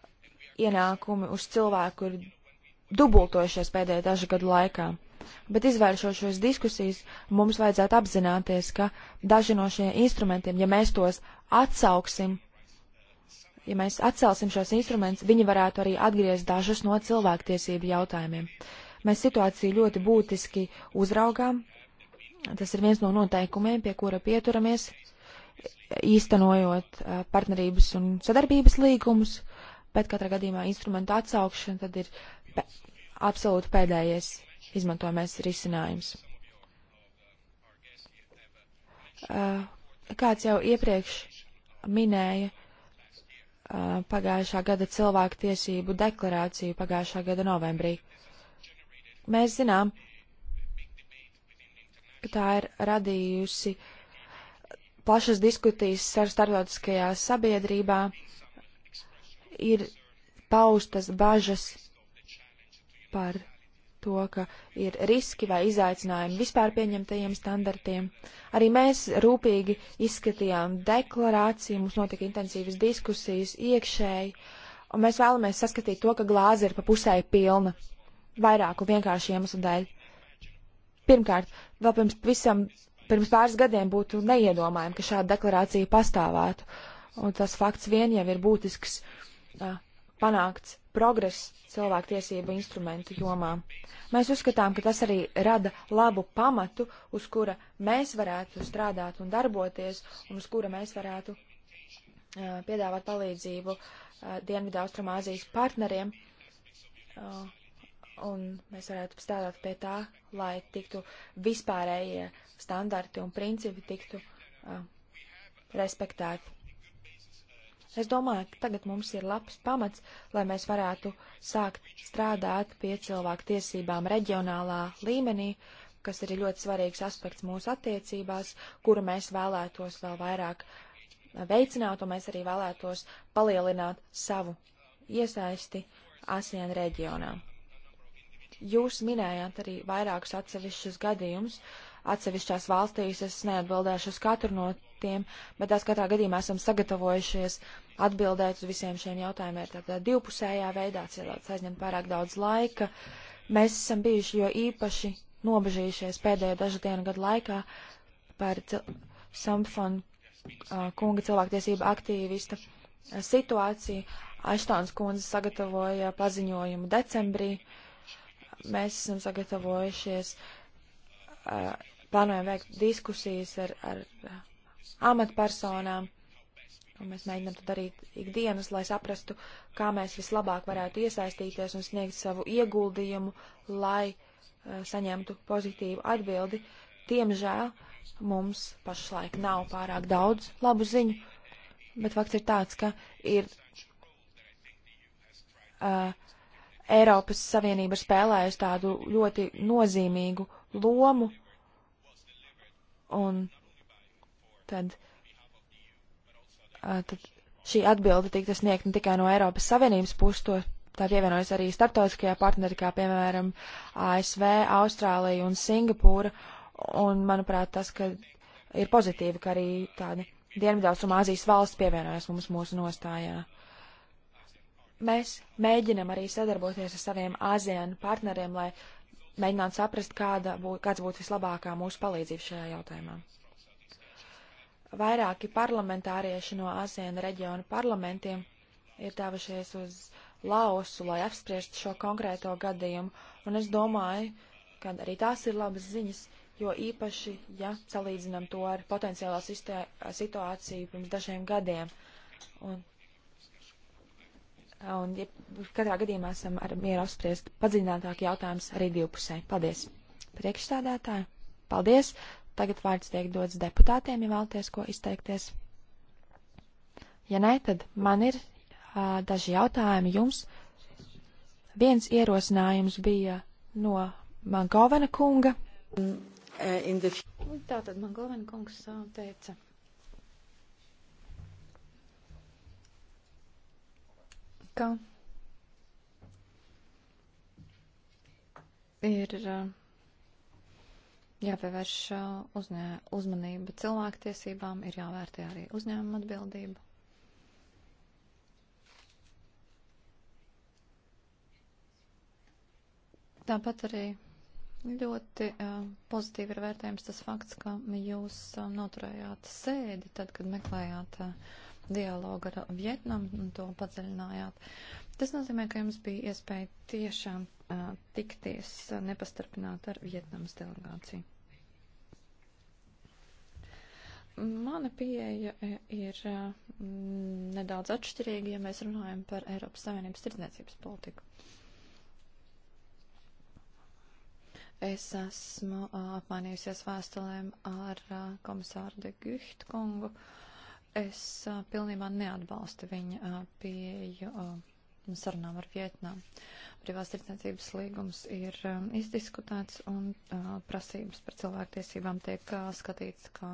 ienākumi uz cilvēku ir dubultojušies pēdējo dažu gadu laikā. Bet izvēršot šos diskusijas, mums vajadzētu apzināties, ka daži no šiem instrumentiem, ja mēs tos atsauksim, ja mēs atcelsim šos instrumentus, viņi varētu arī atgriezt dažus no cilvēktiesību jautājumiem. Mēs situāciju ļoti būtiski uzraugām. Tas ir viens no noteikumiem, pie kura pieturamies, īstenojot eh, partnerības un sadarbības līgumus, bet katrā gadījumā instrumentu atsaukšana tad ir pe absolūti pēdējais izmantojamais risinājums. Eh, kāds jau iepriekš minēja, Uh, pagājušā gada cilvēku tiesību deklarāciju pagājušā gada novembrī. Mēs zinām, ka tā ir radījusi plašas diskusijas ar starptautiskajā sabiedrībā, ir paustas bažas par to, ka ir riski vai izaicinājumi vispār pieņemtajiem standartiem. Arī mēs rūpīgi izskatījām deklarāciju, mums notika intensīvas diskusijas iekšēji, un mēs vēlamies saskatīt to, ka glāze ir pa pusē pilna. Vairāku vienkāršu iemeslu dēļ. Pirmkārt, vēl pirms visam, pirms pāris gadiem būtu neiedomājami, ka šāda deklarācija pastāvētu, un tas fakts vien jau ir būtisks. Uh, panākts progress cilvēktiesību instrumentu jomā. Mēs uzskatām, ka tas arī rada labu pamatu, uz kura mēs varētu strādāt un darboties, un uz kura mēs varētu uh, piedāvāt palīdzību uh, Dienvidu Austrumāzijas partneriem. Uh, un mēs varētu strādāt pie tā, lai tiktu vispārējie standarti un principi tiktu respektēti. Es domāju, ka tagad mums ir labs pamats, lai mēs varētu sākt strādāt pie cilvēku tiesībām reģionālā līmenī, kas ir ļoti svarīgs aspekts mūsu attiecībās, kuru mēs vēlētos vēl vairāk veicināt, un mēs arī vēlētos palielināt savu iesaisti ASEAN reģionā. Jūs minējāt arī vairākus atsevišķus gadījumus. Atsevišķās valstīs es neatbildēšu uz katru no aspektiem, bet tās katrā gadījumā esam sagatavojušies atbildēt uz visiem šiem jautājumiem tādā divpusējā veidā, cilvēks aizņem pārāk daudz laika. Mēs esam bijuši jo īpaši nobežījušies pēdējo dažu dienu gadu laikā par Samfon uh, kunga cilvēktiesību aktīvista situāciju. Aštāns kundze sagatavoja paziņojumu decembrī. Mēs esam sagatavojušies, uh, plānojam veikt diskusijas ar, ar amatpersonām. Un mēs mēģinām to darīt ikdienas, lai saprastu, kā mēs vislabāk varētu iesaistīties un sniegt savu ieguldījumu, lai uh, saņemtu pozitīvu atbildi. Diemžēl mums pašlaik nav pārāk daudz labu ziņu, bet fakts ir tāds, ka ir uh, Eiropas Savienība spēlējusi tādu ļoti nozīmīgu lomu. Un tad, tad šī atbilde tika sniegta ne tikai no Eiropas Savienības puses, to tā pievienojas arī starptautiskajā partneri, kā piemēram ASV, Austrālija un Singapūra, un, manuprāt, tas, ka ir pozitīvi, ka arī tādi Dienvidaustrumāzijas valsts pievienojas mums mūsu nostājā. Mēs mēģinam arī sadarboties ar saviem ASEAN partneriem, lai mēģinātu saprast, kāda bū, kāds būtu vislabākā mūsu palīdzība šajā jautājumā vairāki parlamentārieši no ASEAN reģiona parlamentiem ir devušies uz Laosu, lai apspriestu šo konkrēto gadījumu, un es domāju, ka arī tās ir labas ziņas, jo īpaši, ja salīdzinam to ar potenciālā situāciju pirms dažiem gadiem. Un, un ja katrā gadījumā esam ar mieru apspriest padziļinātāk jautājums arī divpusē. Paldies! Priekšstādātāji, paldies! Tagad vārds tiek dots deputātiem, ja vēlaties ko izteikties. Ja nē, tad man ir uh, daži jautājumi jums. Viens ierosinājums bija no Mangovena kunga. The... Tātad Mangovena kungs teica. Ka ir uh, jāpievērš uh, uzņē, uzmanība cilvēktiesībām, ir jāvērtē arī uzņēmuma atbildība. Tāpat arī ļoti uh, pozitīvi ir vērtējums tas fakts, ka jūs uh, noturējāt sēdi tad, kad meklējāt uh, dialogu ar Vietnamu un to padziļinājāt. Tas nozīmē, ka jums bija iespēja tiešām uh, tikties uh, nepastarpināt ar Vietnamas delegāciju. Mana pieeja ir nedaudz atšķirīga, ja mēs runājam par Eiropas Savienības tirdzniecības politiku. Es esmu apmainījusies vēstulēm ar komisāru de Gucht kungu. Es pilnībā neatbalstu viņa pieeju sarunām ar Vietnām. Privās tirdzniecības līgums ir um, izdiskutēts un uh, prasības par cilvēktiesībām tiek uh, skatīts kā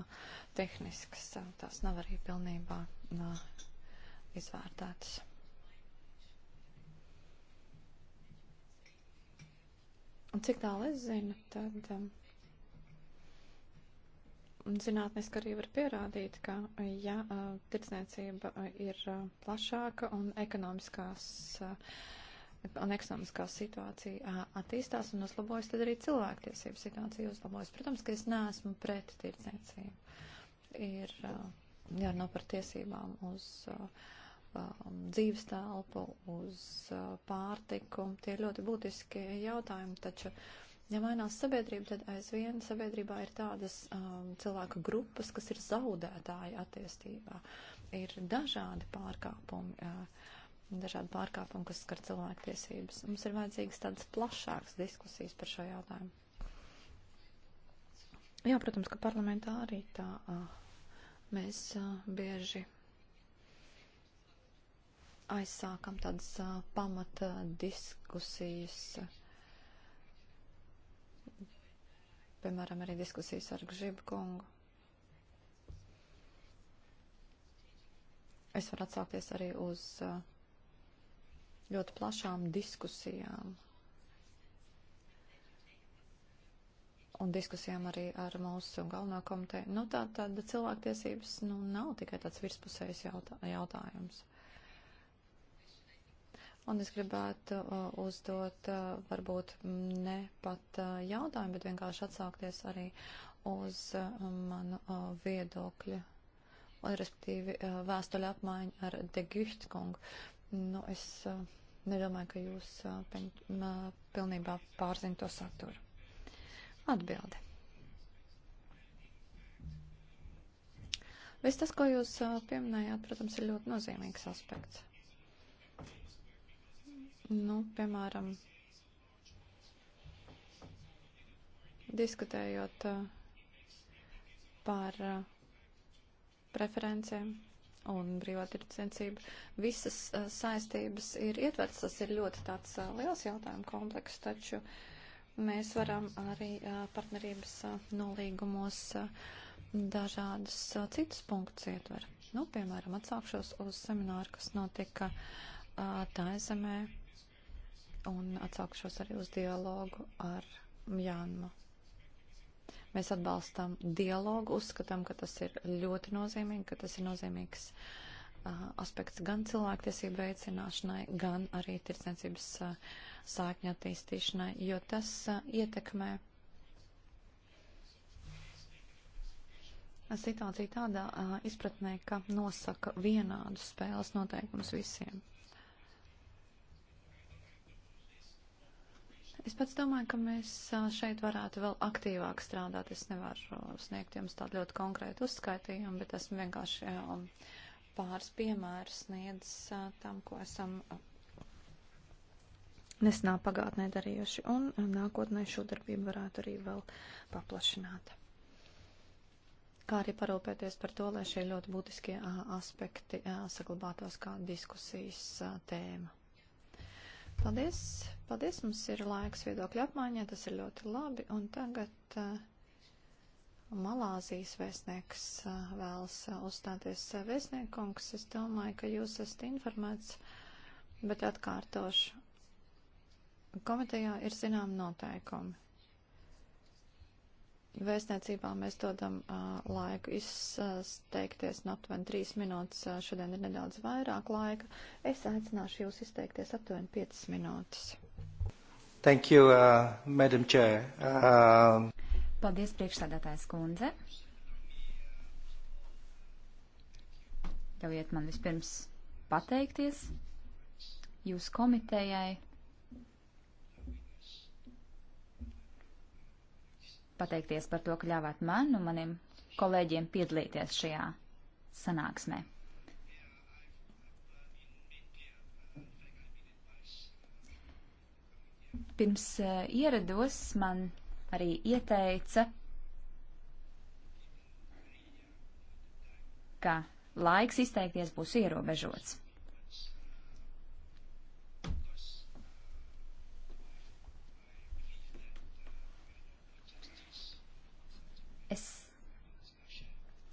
tehnisks. Uh, tās nav arī pilnībā uh, izvērtētas. Un cik tālu es zinu, tad um, Zinātniski arī var pierādīt, ka ja tirdzniecība ir plašāka un ekonomiskās un ekonomiskā situācija attīstās un uzlabojas, tad arī cilvēktiesību situācija uzlabojas. Protams, ka es neesmu pret tirdzniecību. Ir jārunā par tiesībām uz dzīves telpu, uz pārtiku. Tie ir ļoti būtiski jautājumi, taču. Uh, Ja mainās sabiedrība, tad aizvien sabiedrībā ir tādas um, cilvēku grupas, kas ir zaudētāji attiestībā. Ir dažādi pārkāpumi. Uh, dažādi pārkāpumi, kas skar cilvēktiesības. Mums ir vajadzīgas tādas plašākas diskusijas par šo jautājumu. Jā, protams, ka parlamentā arī tā uh, mēs uh, bieži aizsākam tādas uh, pamata diskusijas piemēram, arī diskusijas ar Gžibu kungu. Es varu atsaukties arī uz uh, ļoti plašām diskusijām un diskusijām arī ar mūsu galveno komiteju. Nu, tā tad cilvēktiesības nu, nav tikai tāds virspusējs jautā, jautājums. Un es gribētu uh, uzdot uh, varbūt ne pat uh, jautājumu, bet vienkārši atsaukties arī uz uh, manu uh, viedokļu, un, respektīvi uh, vēstuļu apmaiņu ar De Gichtkungu. Nu, es uh, nedomāju, ka jūs uh, peņ, uh, pilnībā pārzina to saturu. Atbildi. Viss tas, ko jūs uh, pieminējāt, protams, ir ļoti nozīmīgs aspekts. Nu, piemēram, diskutējot eh, par eh, preferencēm un brīvā tirdzniecība. Visas uh, saistības ir ietverts, tas ir ļoti tāds uh, liels jautājumu komplekss, taču mēs varam arī uh, partnerības nolīgumos dažādus citus punktus ietvert. Nu, piemēram, atsākšos uz semināru, kas notika Taizemē un atsaukšos arī uz dialogu ar Mjānmu. Mēs atbalstam dialogu, uzskatām, ka tas ir ļoti nozīmīgi, ka tas ir nozīmīgs uh, aspekts gan cilvēktiesību veicināšanai, gan arī tirdzniecības uh, sākņa attīstīšanai, jo tas uh, ietekmē situāciju tādā uh, izpratnē, ka nosaka vienādu spēles noteikumus visiem. Es pats domāju, ka mēs šeit varētu vēl aktīvāk strādāt. Es nevaru sniegt jums tādu ļoti konkrētu uzskaitījumu, bet esmu vienkārši pāris piemērus sniedz tam, ko esam nesenā pagātnē darījuši, un nākotnē šo darbību varētu arī vēl paplašināt kā arī parūpēties par to, lai šie ļoti būtiskie aspekti saglabātos kā diskusijas tēma. Paldies! Paldies! Mums ir laiks viedokļu apmaiņā, tas ir ļoti labi. Un tagad uh, Malāzijas vēstnieks uh, vēlas uh, uzstāties. Uh, vēstniekungs, es domāju, ka jūs esat informēts, bet atkārtošu. Komitejā ir zinām noteikumi. Vēstniecībā mēs dodam uh, laiku izteikties, no nu, aptuveni trīs minūtes, uh, šodien ir nedaudz vairāk laika. Es aicināšu jūs izteikties aptuveni piecas minūtes. Thank you, uh, Madam Chair. Uh, Paldies, priekšsādātājs kundze. Ļaujiet man vispirms pateikties jūsu komitejai pateikties par to, ka ļāvāt man un maniem kolēģiem piedalīties šajā sanāksmē. Pirms e, ierados man arī ieteica, ka laiks izteikties būs ierobežots.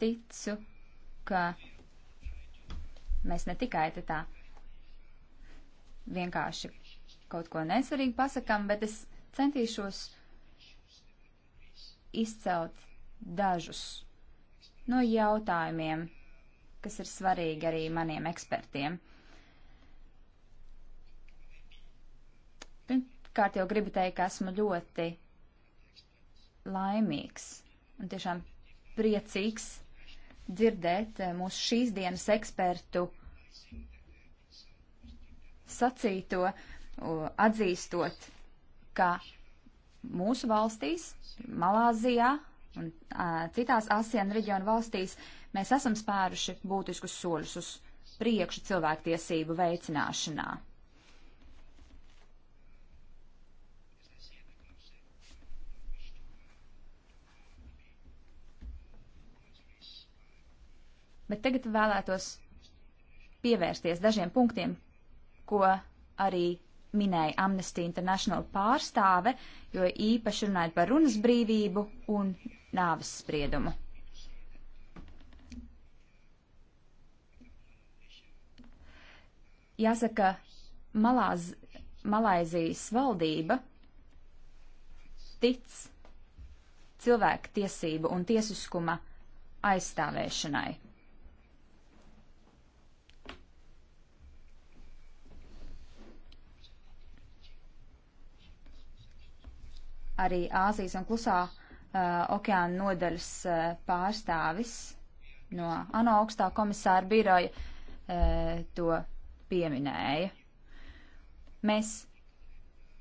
ticu, ka mēs ne tikai te tā vienkārši kaut ko nesvarīgi pasakām, bet es centīšos izcelt dažus no jautājumiem, kas ir svarīgi arī maniem ekspertiem. Pirmkārt jau gribu teikt, ka esmu ļoti laimīgs un tiešām priecīgs dzirdēt eh, mūsu šīs dienas ekspertu sacīto, atzīstot, ka mūsu valstīs, Malāzijā un a, citās ASEAN reģionu valstīs, mēs esam spēruši būtiskus soļus uz priekšu cilvēktiesību veicināšanā. Bet tagad vēlētos pievērsties dažiem punktiem, ko arī minēja Amnesty International pārstāve, jo īpaši runājot par runas brīvību un nāves spriedumu. Jāsaka, Malāz, Malaizijas valdība tic cilvēku tiesību un tiesiskuma aizstāvēšanai. arī Āzijas un Klusā uh, okeāna nodaļas uh, pārstāvis no ANO augstā komisāra biroja uh, to pieminēja. Mēs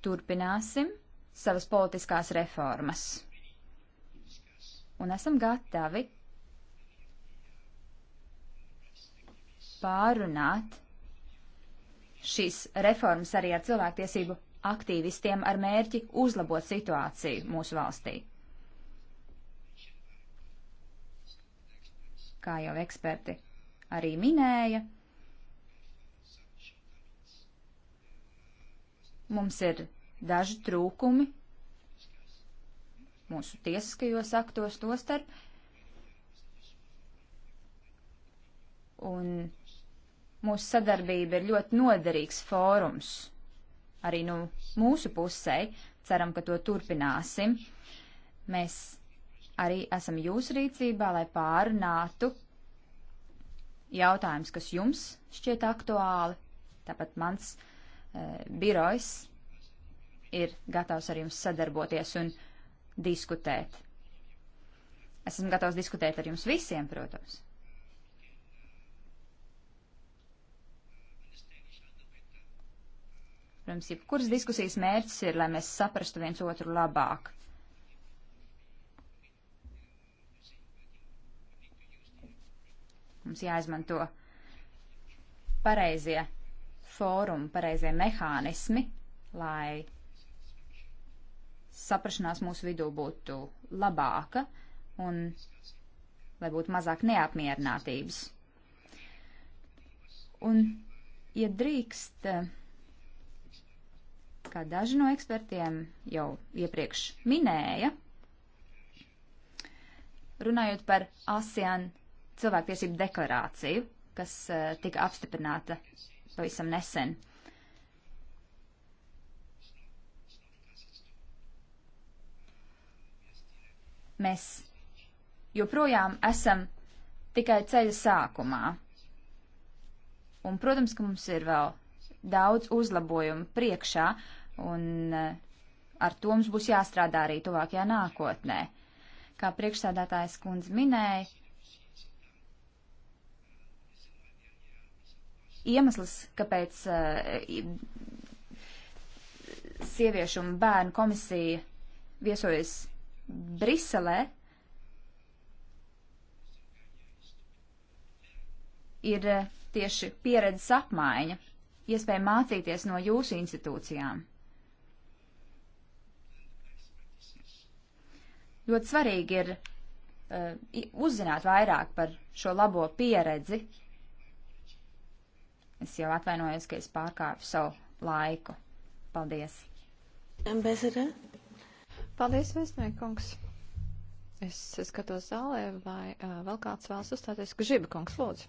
turpināsim savas politiskās reformas un esam gatavi pārunāt šīs reformas arī ar cilvēktiesību aktīvistiem ar mērķi uzlabot situāciju mūsu valstī. Kā jau eksperti arī minēja, mums ir daži trūkumi mūsu tiesiskajos aktos tostarp. Un mūsu sadarbība ir ļoti noderīgs fórums arī nu mūsu pusē. Ceram, ka to turpināsim. Mēs arī esam jūsu rīcībā, lai pārunātu jautājums, kas jums šķiet aktuāli. Tāpat mans e, birojs ir gatavs ar jums sadarboties un diskutēt. Esmu gatavs diskutēt ar jums visiem, protams. Pirms jebkuras diskusijas mērķis ir, lai mēs saprastu viens otru labāk. Mums jāizmanto pareizie fórumi, pareizie mehānismi, lai saprašanās mūsu vidū būtu labāka un lai būtu mazāk neapmierinātības. Un, ja drīkst, uh, kā daži no ekspertiem jau iepriekš minēja, runājot par ASEAN cilvēktiesību deklarāciju, kas uh, tika apstiprināta pavisam nesen. Mēs joprojām esam tikai ceļa sākumā. Un, protams, ka mums ir vēl daudz uzlabojumu priekšā, un eh, ar to mums būs jāstrādā arī tuvākajā nākotnē. Kā priekšsēdētājs kundze minēja, iemesls, kāpēc eh, sieviešu un bērnu komisija viesojas Briselē, ir eh, tieši pieredzes apmaiņa, iespēja mācīties no jūsu institūcijām. Ļoti svarīgi ir uh, uzzināt vairāk par šo labo pieredzi. Es jau atvainojos, ka es pārkāpu savu laiku. Paldies! Ambassador? Paldies, vēstniekungs! Es skatos zālē, vai uh, vēl kāds vēlas uzstāties. Gžiba kungs, lūdzu.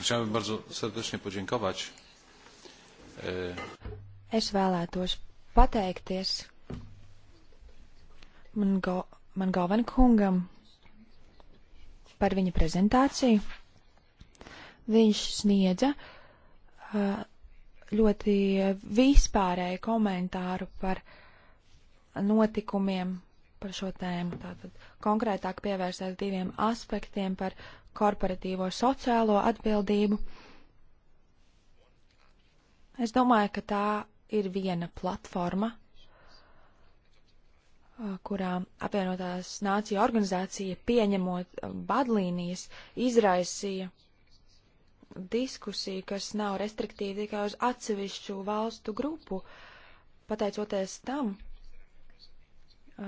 Chciałbym bardzo serdecznie podziękować. E, es vēlētos pateikties man, go, man galven kungam par viņa prezentāciju. Viņš sniedza uh, ļoti vispārēju komentāru par notikumiem par šo tēmu. Tātad konkrētāk pievērsās diviem aspektiem par korporatīvo sociālo atbildību. Es domāju, ka tā ir viena platforma, kurā apvienotās nācija organizācija pieņemot vadlīnijas izraisīja diskusiju, kas nav restriktīva tikai uz atsevišķu valstu grupu. Pateicoties tam,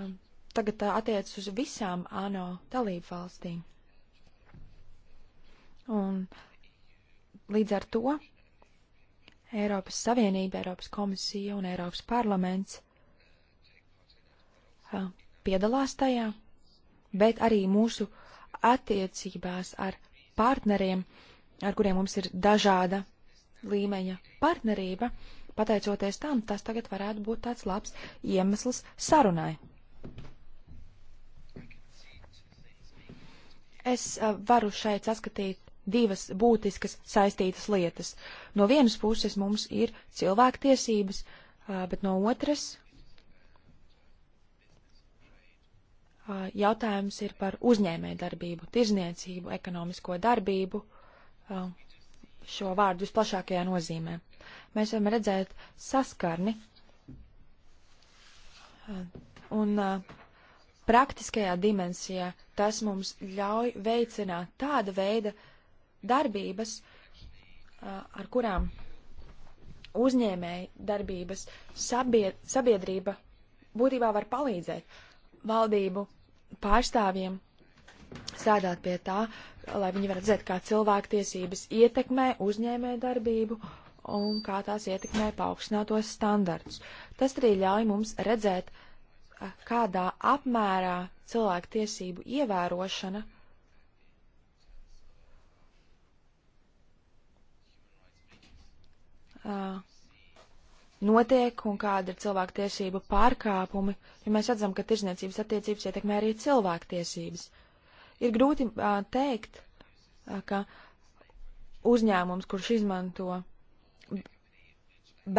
um, tagad tā attiecas uz visām ANO dalību valstīm. Un līdz ar to Eiropas Savienība, Eiropas komisija un Eiropas parlaments piedalās tajā, bet arī mūsu attiecībās ar partneriem, ar kuriem mums ir dažāda līmeņa partnerība, pateicoties tam, tas tagad varētu būt tāds labs iemesls sarunai. Es uh, varu šeit saskatīt divas būtiskas saistītas lietas. No vienas puses mums ir cilvēktiesības, uh, bet no otras jautājums ir par uzņēmē darbību, tirzniecību, ekonomisko darbību šo vārdu visplašākajā nozīmē. Mēs varam redzēt saskarni un praktiskajā dimensijā tas mums ļauj veicināt tāda veida darbības, ar kurām uzņēmēji darbības sabiedrība būtībā var palīdzēt valdību pārstāvjiem strādāt pie tā, lai viņi varētu redzēt, kā cilvēktiesības ietekmē uzņēmē darbību un kā tās ietekmē paaugstinātos standartus. Tas arī ļauj mums redzēt, kādā apmērā cilvēktiesību ievērošana uh, notiek un kāda ir cilvēku tiesību pārkāpumi, jo mēs redzam, ka tirzniecības attiecības ietekmē arī cilvēku tiesības. Ir grūti uh, teikt, uh, ka uzņēmums, kurš izmanto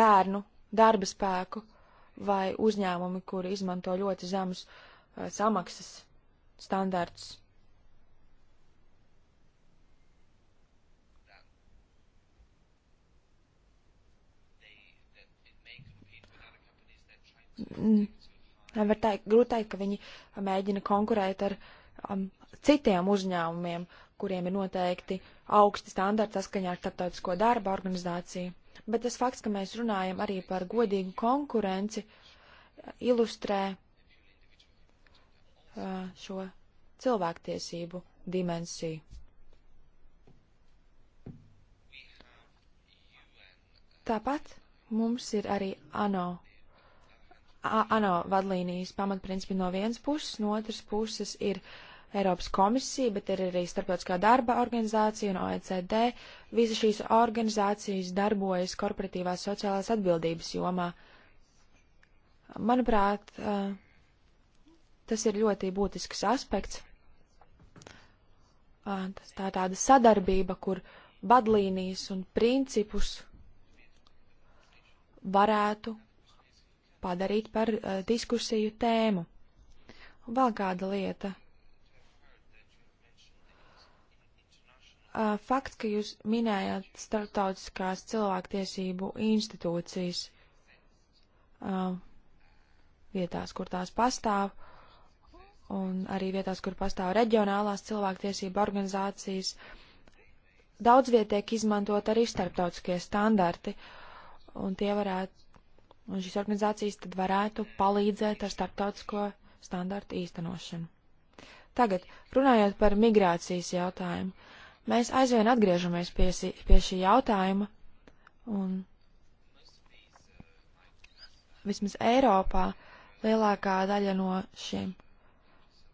bērnu darba spēku, vai uzņēmumi, kuri izmanto ļoti zemus uh, samaksas standartus, nevar teikt, grūti teikt, ka viņi mēģina konkurēt ar um, citiem uzņēmumiem, kuriem ir noteikti augsti standarti saskaņā ar starptautisko darba organizāciju. Bet tas fakts, ka mēs runājam arī par godīgu konkurenci, ilustrē uh, šo cilvēktiesību dimensiju. Tāpat mums ir arī ANO ANO vadlīnijas pamatprincipi no vienas puses, no otras puses ir Eiropas komisija, bet ir arī starptautiskā darba organizācija un OECD. Visas šīs organizācijas darbojas korporatīvās sociālās atbildības jomā. Manuprāt, tas ir ļoti būtisks aspekts. Tas tā tāda sadarbība, kur vadlīnijas un principus varētu padarīt par uh, diskusiju tēmu. Un vēl kāda lieta. Uh, fakts, ka jūs minējāt starptautiskās cilvēktiesību institūcijas uh, vietās, kur tās pastāv, un arī vietās, kur pastāv reģionālās cilvēktiesība organizācijas. Daudz vietiek izmantot arī starptautiskie standarti, un tie varētu Un šīs organizācijas tad varētu palīdzēt ar starptautisko standartu īstenošanu. Tagad, runājot par migrācijas jautājumu, mēs aizvien atgriežamies pie, si, pie šī jautājuma, un vismaz Eiropā lielākā daļa no šiem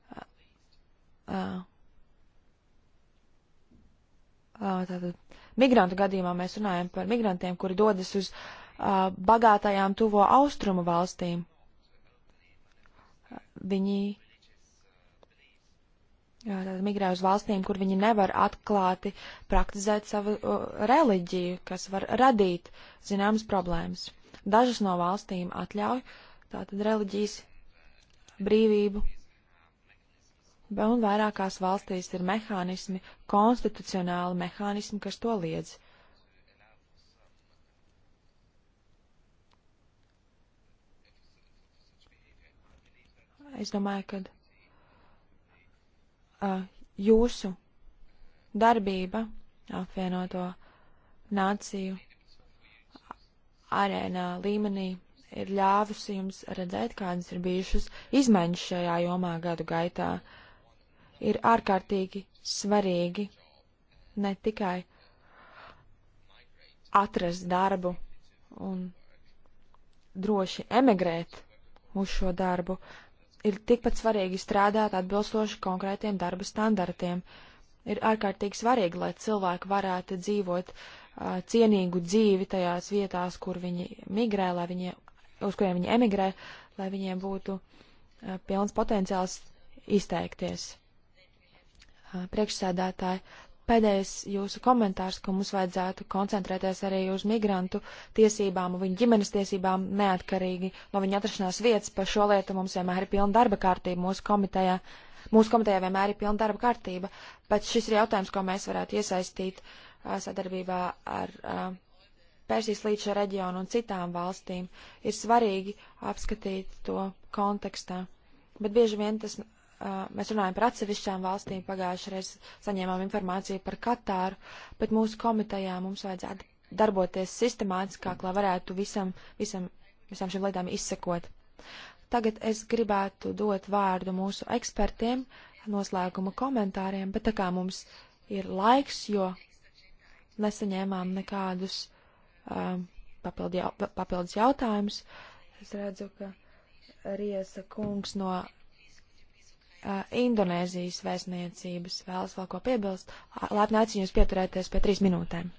uh, uh, tātad migrantu gadījumā mēs runājam par migrantiem, kuri dodas uz uh, bagātajām tuvo austrumu valstīm. Viņi tātad migrē uz valstīm, kur viņi nevar atklāti praktizēt savu reliģiju, kas var radīt zināmas problēmas. Dažas no valstīm atļauj tātad reliģijas brīvību, un vairākās valstīs ir mehānismi, konstitucionāli mehānismi, kas to liedz. Es domāju, ka uh, jūsu darbība apvienoto nāciju arēnā līmenī ir ļāvusi jums redzēt, kādas ir bijušas izmaiņas šajā jomā gadu gaitā. Ir ārkārtīgi svarīgi ne tikai atrast darbu un droši emigrēt uz šo darbu, ir tikpat svarīgi strādāt atbilstoši konkrētiem darba standartiem. Ir ārkārtīgi svarīgi, lai cilvēki varētu dzīvot uh, cienīgu dzīvi tajās vietās, kur viņi migrē, lai viņi, uz kuriem viņi emigrē, lai viņiem būtu uh, pilns potenciāls izteikties. Uh, priekšsēdētāji, pēdējais jūsu komentārs, ka mums vajadzētu koncentrēties arī uz migrantu tiesībām un viņu ģimenes tiesībām neatkarīgi no viņa atrašanās vietas. Par šo lietu mums vienmēr ir pilna darba kārtība mūsu komitejā. Mūsu komitejā vienmēr ir pilna darba kārtība, bet šis ir jautājums, ko mēs varētu iesaistīt sadarbībā ar Persijas līča reģionu un citām valstīm. Ir svarīgi apskatīt to kontekstā, bet bieži vien tas mēs runājam par atsevišķām valstīm, pagājušajā reizē saņēmām informāciju par Katāru, bet mūsu komitejā mums vajadzētu darboties sistemātiskāk, lai varētu visam, visam, visām šīm lietām izsekot. Tagad es gribētu dot vārdu mūsu ekspertiem noslēguma komentāriem, bet tā kā mums ir laiks, jo nesaņēmām nekādus um, papildu, jau, papildus jautājumus, es redzu, ka Riesa kungs no uh, Indonēzijas vēstniecības vēlas vēl ko piebilst. Lēpni aicinu jūs pieturēties pie trīs minūtēm.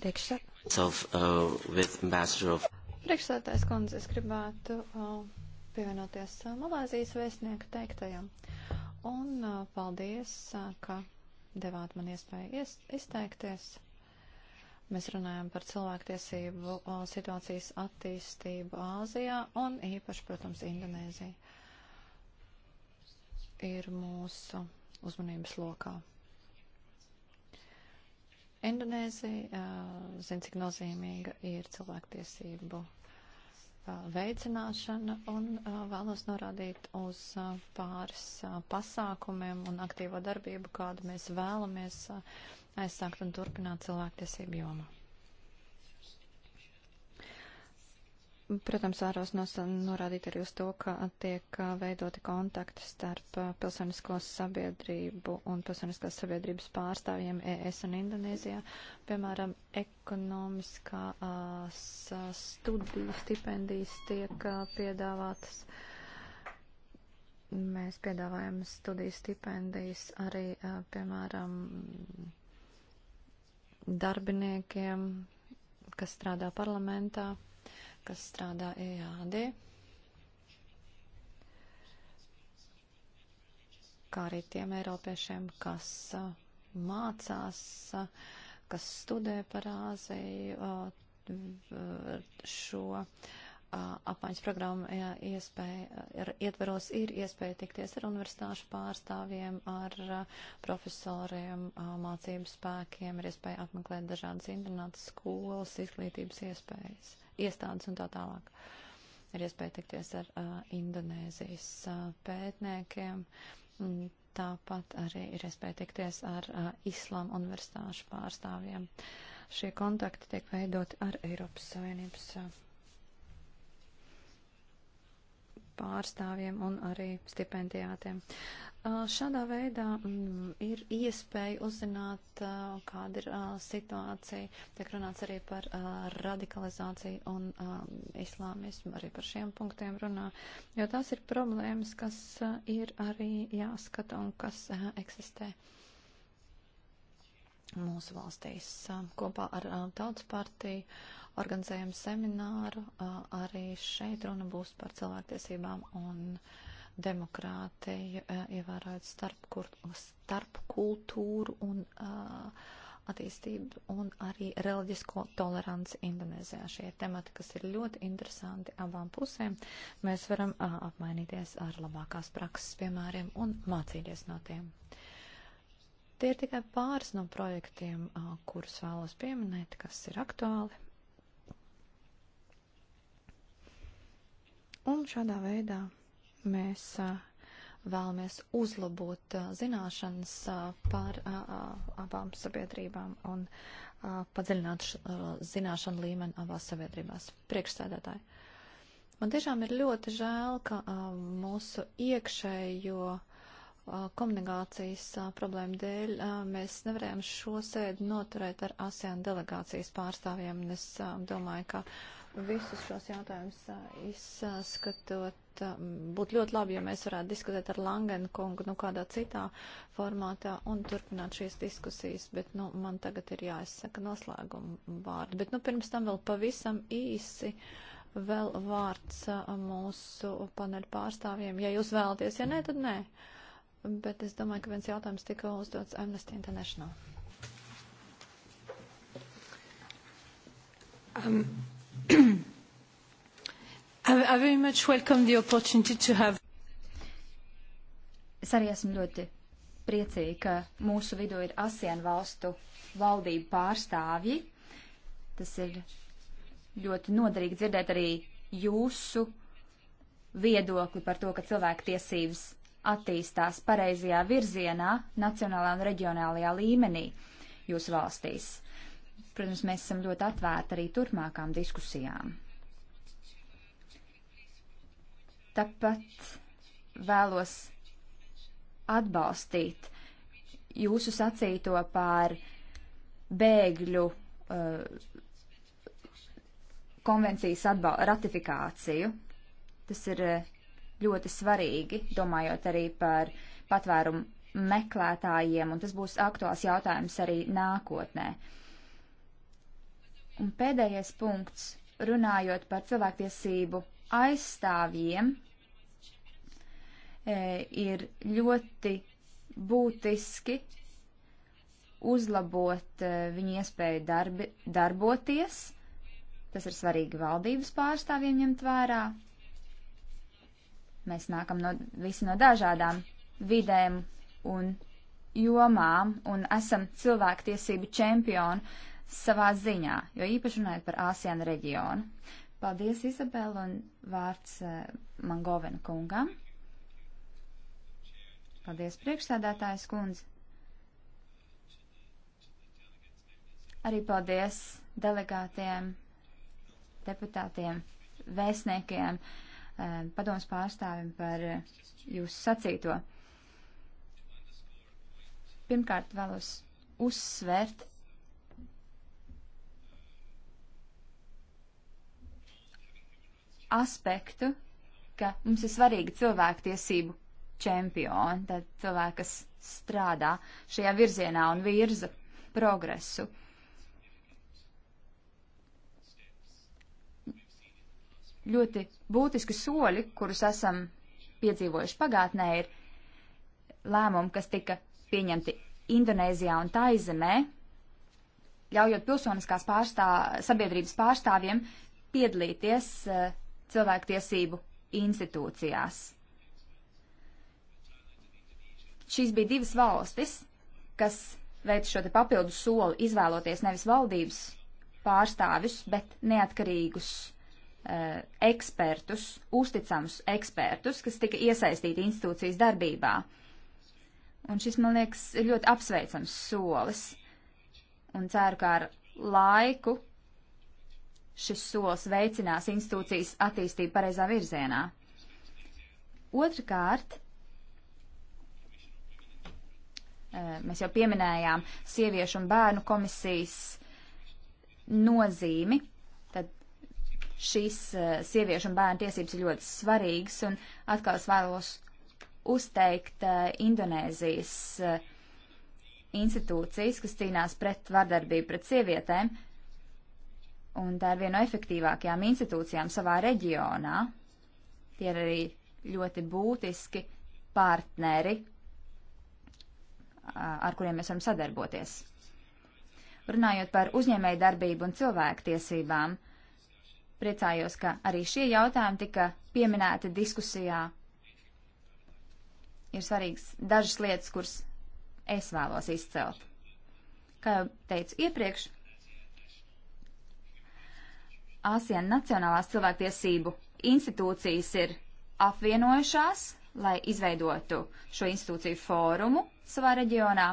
Priekšsēd. Uh, Priekšsēdētājs kundze, es gribētu uh, pievienoties uh, Malāzijas vēstnieku teiktajam. Un uh, paldies, uh, ka devāt man iespēju izteikties. Mēs runājam par cilvēktiesību situācijas attīstību Āzijā un īpaši, protams, Indonēziju ir mūsu uzmanības lokā. Indonēzija zina, cik nozīmīga ir cilvēktiesību veicināšana un vēlos norādīt uz pāris pasākumiem un aktīvo darbību, kādu mēs vēlamies aizsākt un turpināt cilvēktiesību jomā. Protams, vēros norādīt arī uz to, ka tiek veidoti kontakti starp pilsonisko sabiedrību un pilsoniskās sabiedrības pārstāvjiem ES un Indonēzijā. Piemēram, ekonomiskās studiju stipendijas tiek piedāvātas. Mēs piedāvājam studiju stipendijas arī, piemēram, darbiniekiem, kas strādā parlamentā kas strādā EAD, kā arī tiem eiropiešiem, kas uh, mācās, uh, kas studē par Āziju uh, šo apmaiņas programmu iespēja, ir, ietveros ir iespēja tikties ar universitāšu pārstāvjiem, ar profesoriem, mācību spēkiem, ir iespēja apmeklēt dažādas internātas skolas, izglītības iespējas iestādes un tā tālāk. Ir iespēja tikties ar uh, Indonēzijas uh, pētniekiem. Tāpat arī ir iespēja tikties ar uh, Islāma universitāšu pārstāvjiem. Šie kontakti tiek veidoti ar Eiropas Savienības uh, pārstāvjiem un arī stipendijātiem. Uh, šādā veidā mm, ir iespēja uzzināt, uh, kāda ir uh, situācija. Tiek runāts arī par radikalizāciju un um, islāmismu, arī par šiem punktiem runā, jo tās ir problēmas, kas ir arī jāskata un kas eksistē mūsu valstīs kopā ar tautas partiju organizējam semināru. Arī šeit runa būs par cilvēktiesībām un demokrātiju, ievērojot starp, starp kultūru un attīstību un arī reliģisko toleranci Indonēzijā. Šie temati, kas ir ļoti interesanti abām pusēm, mēs varam a, apmainīties ar labākās prakses piemēriem un mācīties no tiem. Tie ir tikai pāris no projektiem, a, kurus vēlos pieminēt, kas ir aktuāli Un šādā veidā mēs vēlamies uzlabot zināšanas par abām sabiedrībām un padziļināt zināšanu līmeni abās sabiedrībās. Priekšsēdētāji. Man tiešām ir ļoti žēl, ka mūsu iekšējo komunikācijas problēmu dēļ mēs nevarējām šo sēdi noturēt ar ASEAN delegācijas pārstāvjiem. Es domāju, ka visus šos jautājumus izskatot, būtu ļoti labi, ja mēs varētu diskutēt ar Langenu kungu, nu, kādā citā formātā un turpināt šīs diskusijas, bet, nu, man tagad ir jāizsaka noslēguma vārdi. Bet, nu, pirms tam vēl pavisam īsi. Vēl vārds mūsu paneļu pārstāvjiem. Ja jūs vēlaties, ja nē, tad nē. Bet es domāju, ka viens jautājums tika uzdots Amnesty International. Um, I very much welcome the opportunity to have. Es arī esmu ļoti priecīga, ka mūsu vidū ir ASEAN valstu valdību pārstāvji. Tas ir ļoti noderīgi dzirdēt arī jūsu viedokli par to, ka cilvēktiesības attīstās pareizajā virzienā nacionālā un reģionālajā līmenī jūsu valstīs. Protams, mēs esam ļoti atvērti arī turpmākām diskusijām. Tāpat vēlos atbalstīt jūsu sacīto par bēgļu uh, konvencijas ratifikāciju. Tas ir uh, ļoti svarīgi, domājot arī par patvērumu meklētājiem, un tas būs aktuāls jautājums arī nākotnē. Uh, Un pēdējais punkts, runājot par cilvēktiesību aizstāvjiem, e, ir ļoti būtiski uzlabot e, viņu iespēju darbi, darboties. Tas ir svarīgi valdības pārstāvjiem ņemt vērā. Mēs nākam no, visi no dažādām vidēm un jomām un esam cilvēktiesību čempioni savā ziņā, jo īpaši runājot par ASEAN reģionu. Paldies, Izabela, un vārds eh, Mangovena kungam. Paldies, priekšsēdētājs kundze. Arī paldies delegātiem, deputātiem, vēstniekiem, eh, padoms pārstāvim par eh, jūsu sacīto. Pirmkārt, vēlos uzsvērt aspektu, ka mums ir svarīgi cilvēktiesību čempioni, tad cilvēki, kas strādā šajā virzienā un virza progresu. Ļoti būtiski soļi, kurus esam piedzīvojuši pagātnē, ir lēmumi, kas tika pieņemti Indonēzijā un Taizemē, ļaujot pilsoniskās pārstā, sabiedrības pārstāvjiem piedalīties uh, cilvēktiesību institūcijās. Šīs bija divas valstis, kas veic šo te papildu soli, izvēloties nevis valdības pārstāvis, bet neatkarīgus uh, ekspertus, uzticamus ekspertus, kas tika iesaistīti institūcijas darbībā. Un šis, man liekas, ir ļoti apsveicams solis. Un ceru, ka ar laiku šis solis veicinās institūcijas attīstību pareizā virzienā. Otrakārt, eh, mēs jau pieminējām sieviešu un bērnu komisijas nozīmi, tad šīs eh, sieviešu un bērnu tiesības ir ļoti svarīgas, un atkal es vēlos uzteikt eh, Indonēzijas institūcijas, kas cīnās pret vardarbību pret sievietēm, un tā ir viena no efektīvākajām institūcijām savā reģionā. Tie ir arī ļoti būtiski partneri, ar kuriem mēs varam sadarboties. Runājot par uzņēmēju darbību un cilvēktiesībām, priecājos, ka arī šie jautājumi tika pieminēti diskusijā. Ir svarīgs dažas lietas, kuras es vēlos izcelt. Kā jau teicu iepriekš, ASEAN Nacionālās cilvēktiesību institūcijas ir apvienojušās, lai izveidotu šo institūciju fórumu savā reģionā,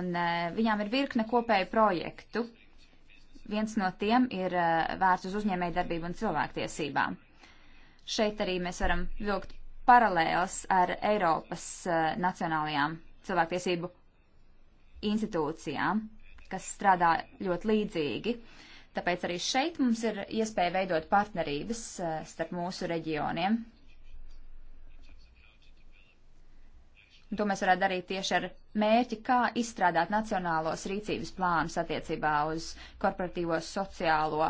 un e, viņām ir virkne kopēju projektu. Viens no tiem ir e, vērts uz uzņēmēju darbību un cilvēktiesībām. Šeit arī mēs varam vilkt paralēlas ar Eiropas e, nacionālajām cilvēktiesību institūcijām, kas strādā ļoti līdzīgi. Uh, Tāpēc arī šeit mums ir iespēja veidot partnerības eh, starp mūsu reģioniem. Un to mēs varētu darīt tieši ar mērķi, kā izstrādāt nacionālos rīcības plānus attiecībā uz korporatīvo sociālo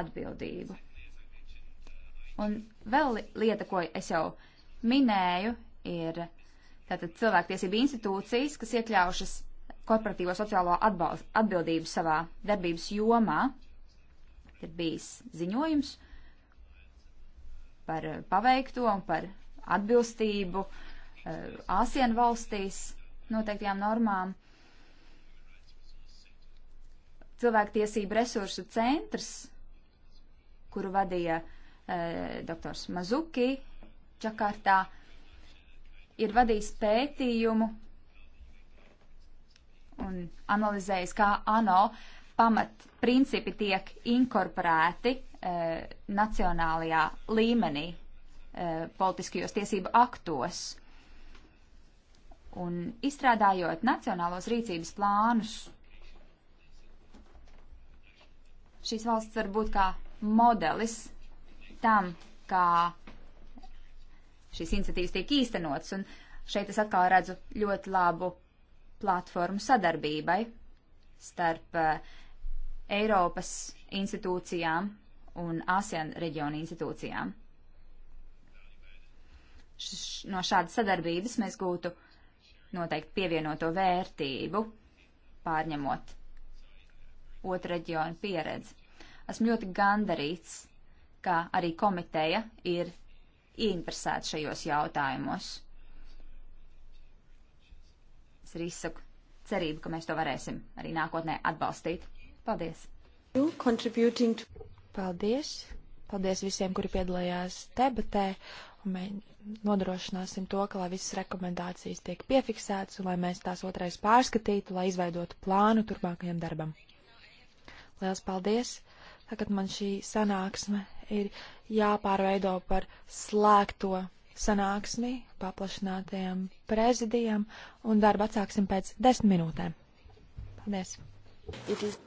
atbildību. Un vēl lieta, ko es jau minēju, ir tātad cilvēktiesība institūcijas, kas iekļaušas korporatīvo sociālo atbalst, atbildību savā darbības jomā ir bijis ziņojums par paveikto un par atbilstību ASEAN eh, valstīs noteiktajām normām. Cilvēktiesību resursu centrs, kuru vadīja e, doktors Mazuki Čakartā, ir vadījis pētījumu un analizējis, kā ANO e, pamatprincipi tiek inkorporēti e, nacionālajā līmenī e, politiskajos tiesību aktos. Un izstrādājot nacionālos rīcības plānus, šīs valsts var būt kā modelis tam, kā šīs iniciatīvas tiek īstenotas. Un šeit es atkal redzu ļoti labu platformu sadarbībai starp uh, Eiropas institūcijām un ASEAN reģiona institūcijām. Š no šādas sadarbības mēs gūtu noteikti pievienoto vērtību, pārņemot otru reģionu pieredzi. Esmu ļoti gandarīts, ka arī komiteja ir ieinteresēta šajos jautājumos. Es arī izsaku cerību, ka mēs to varēsim arī nākotnē atbalstīt. Paldies! Paldies! Paldies visiem, kuri piedalījās debatē. Mēs nodrošināsim to, ka lai visas rekomendācijas tiek piefiksētas un lai mēs tās otrais pārskatītu, lai izveidotu plānu turpmākajam darbam. Liels paldies! Tagad man šī sanāksme ir jāpārveido par slēgto sanāksmi paplašinātajam prezidijam un darbu atsāksim pēc desmit minūtēm. Paldies! It is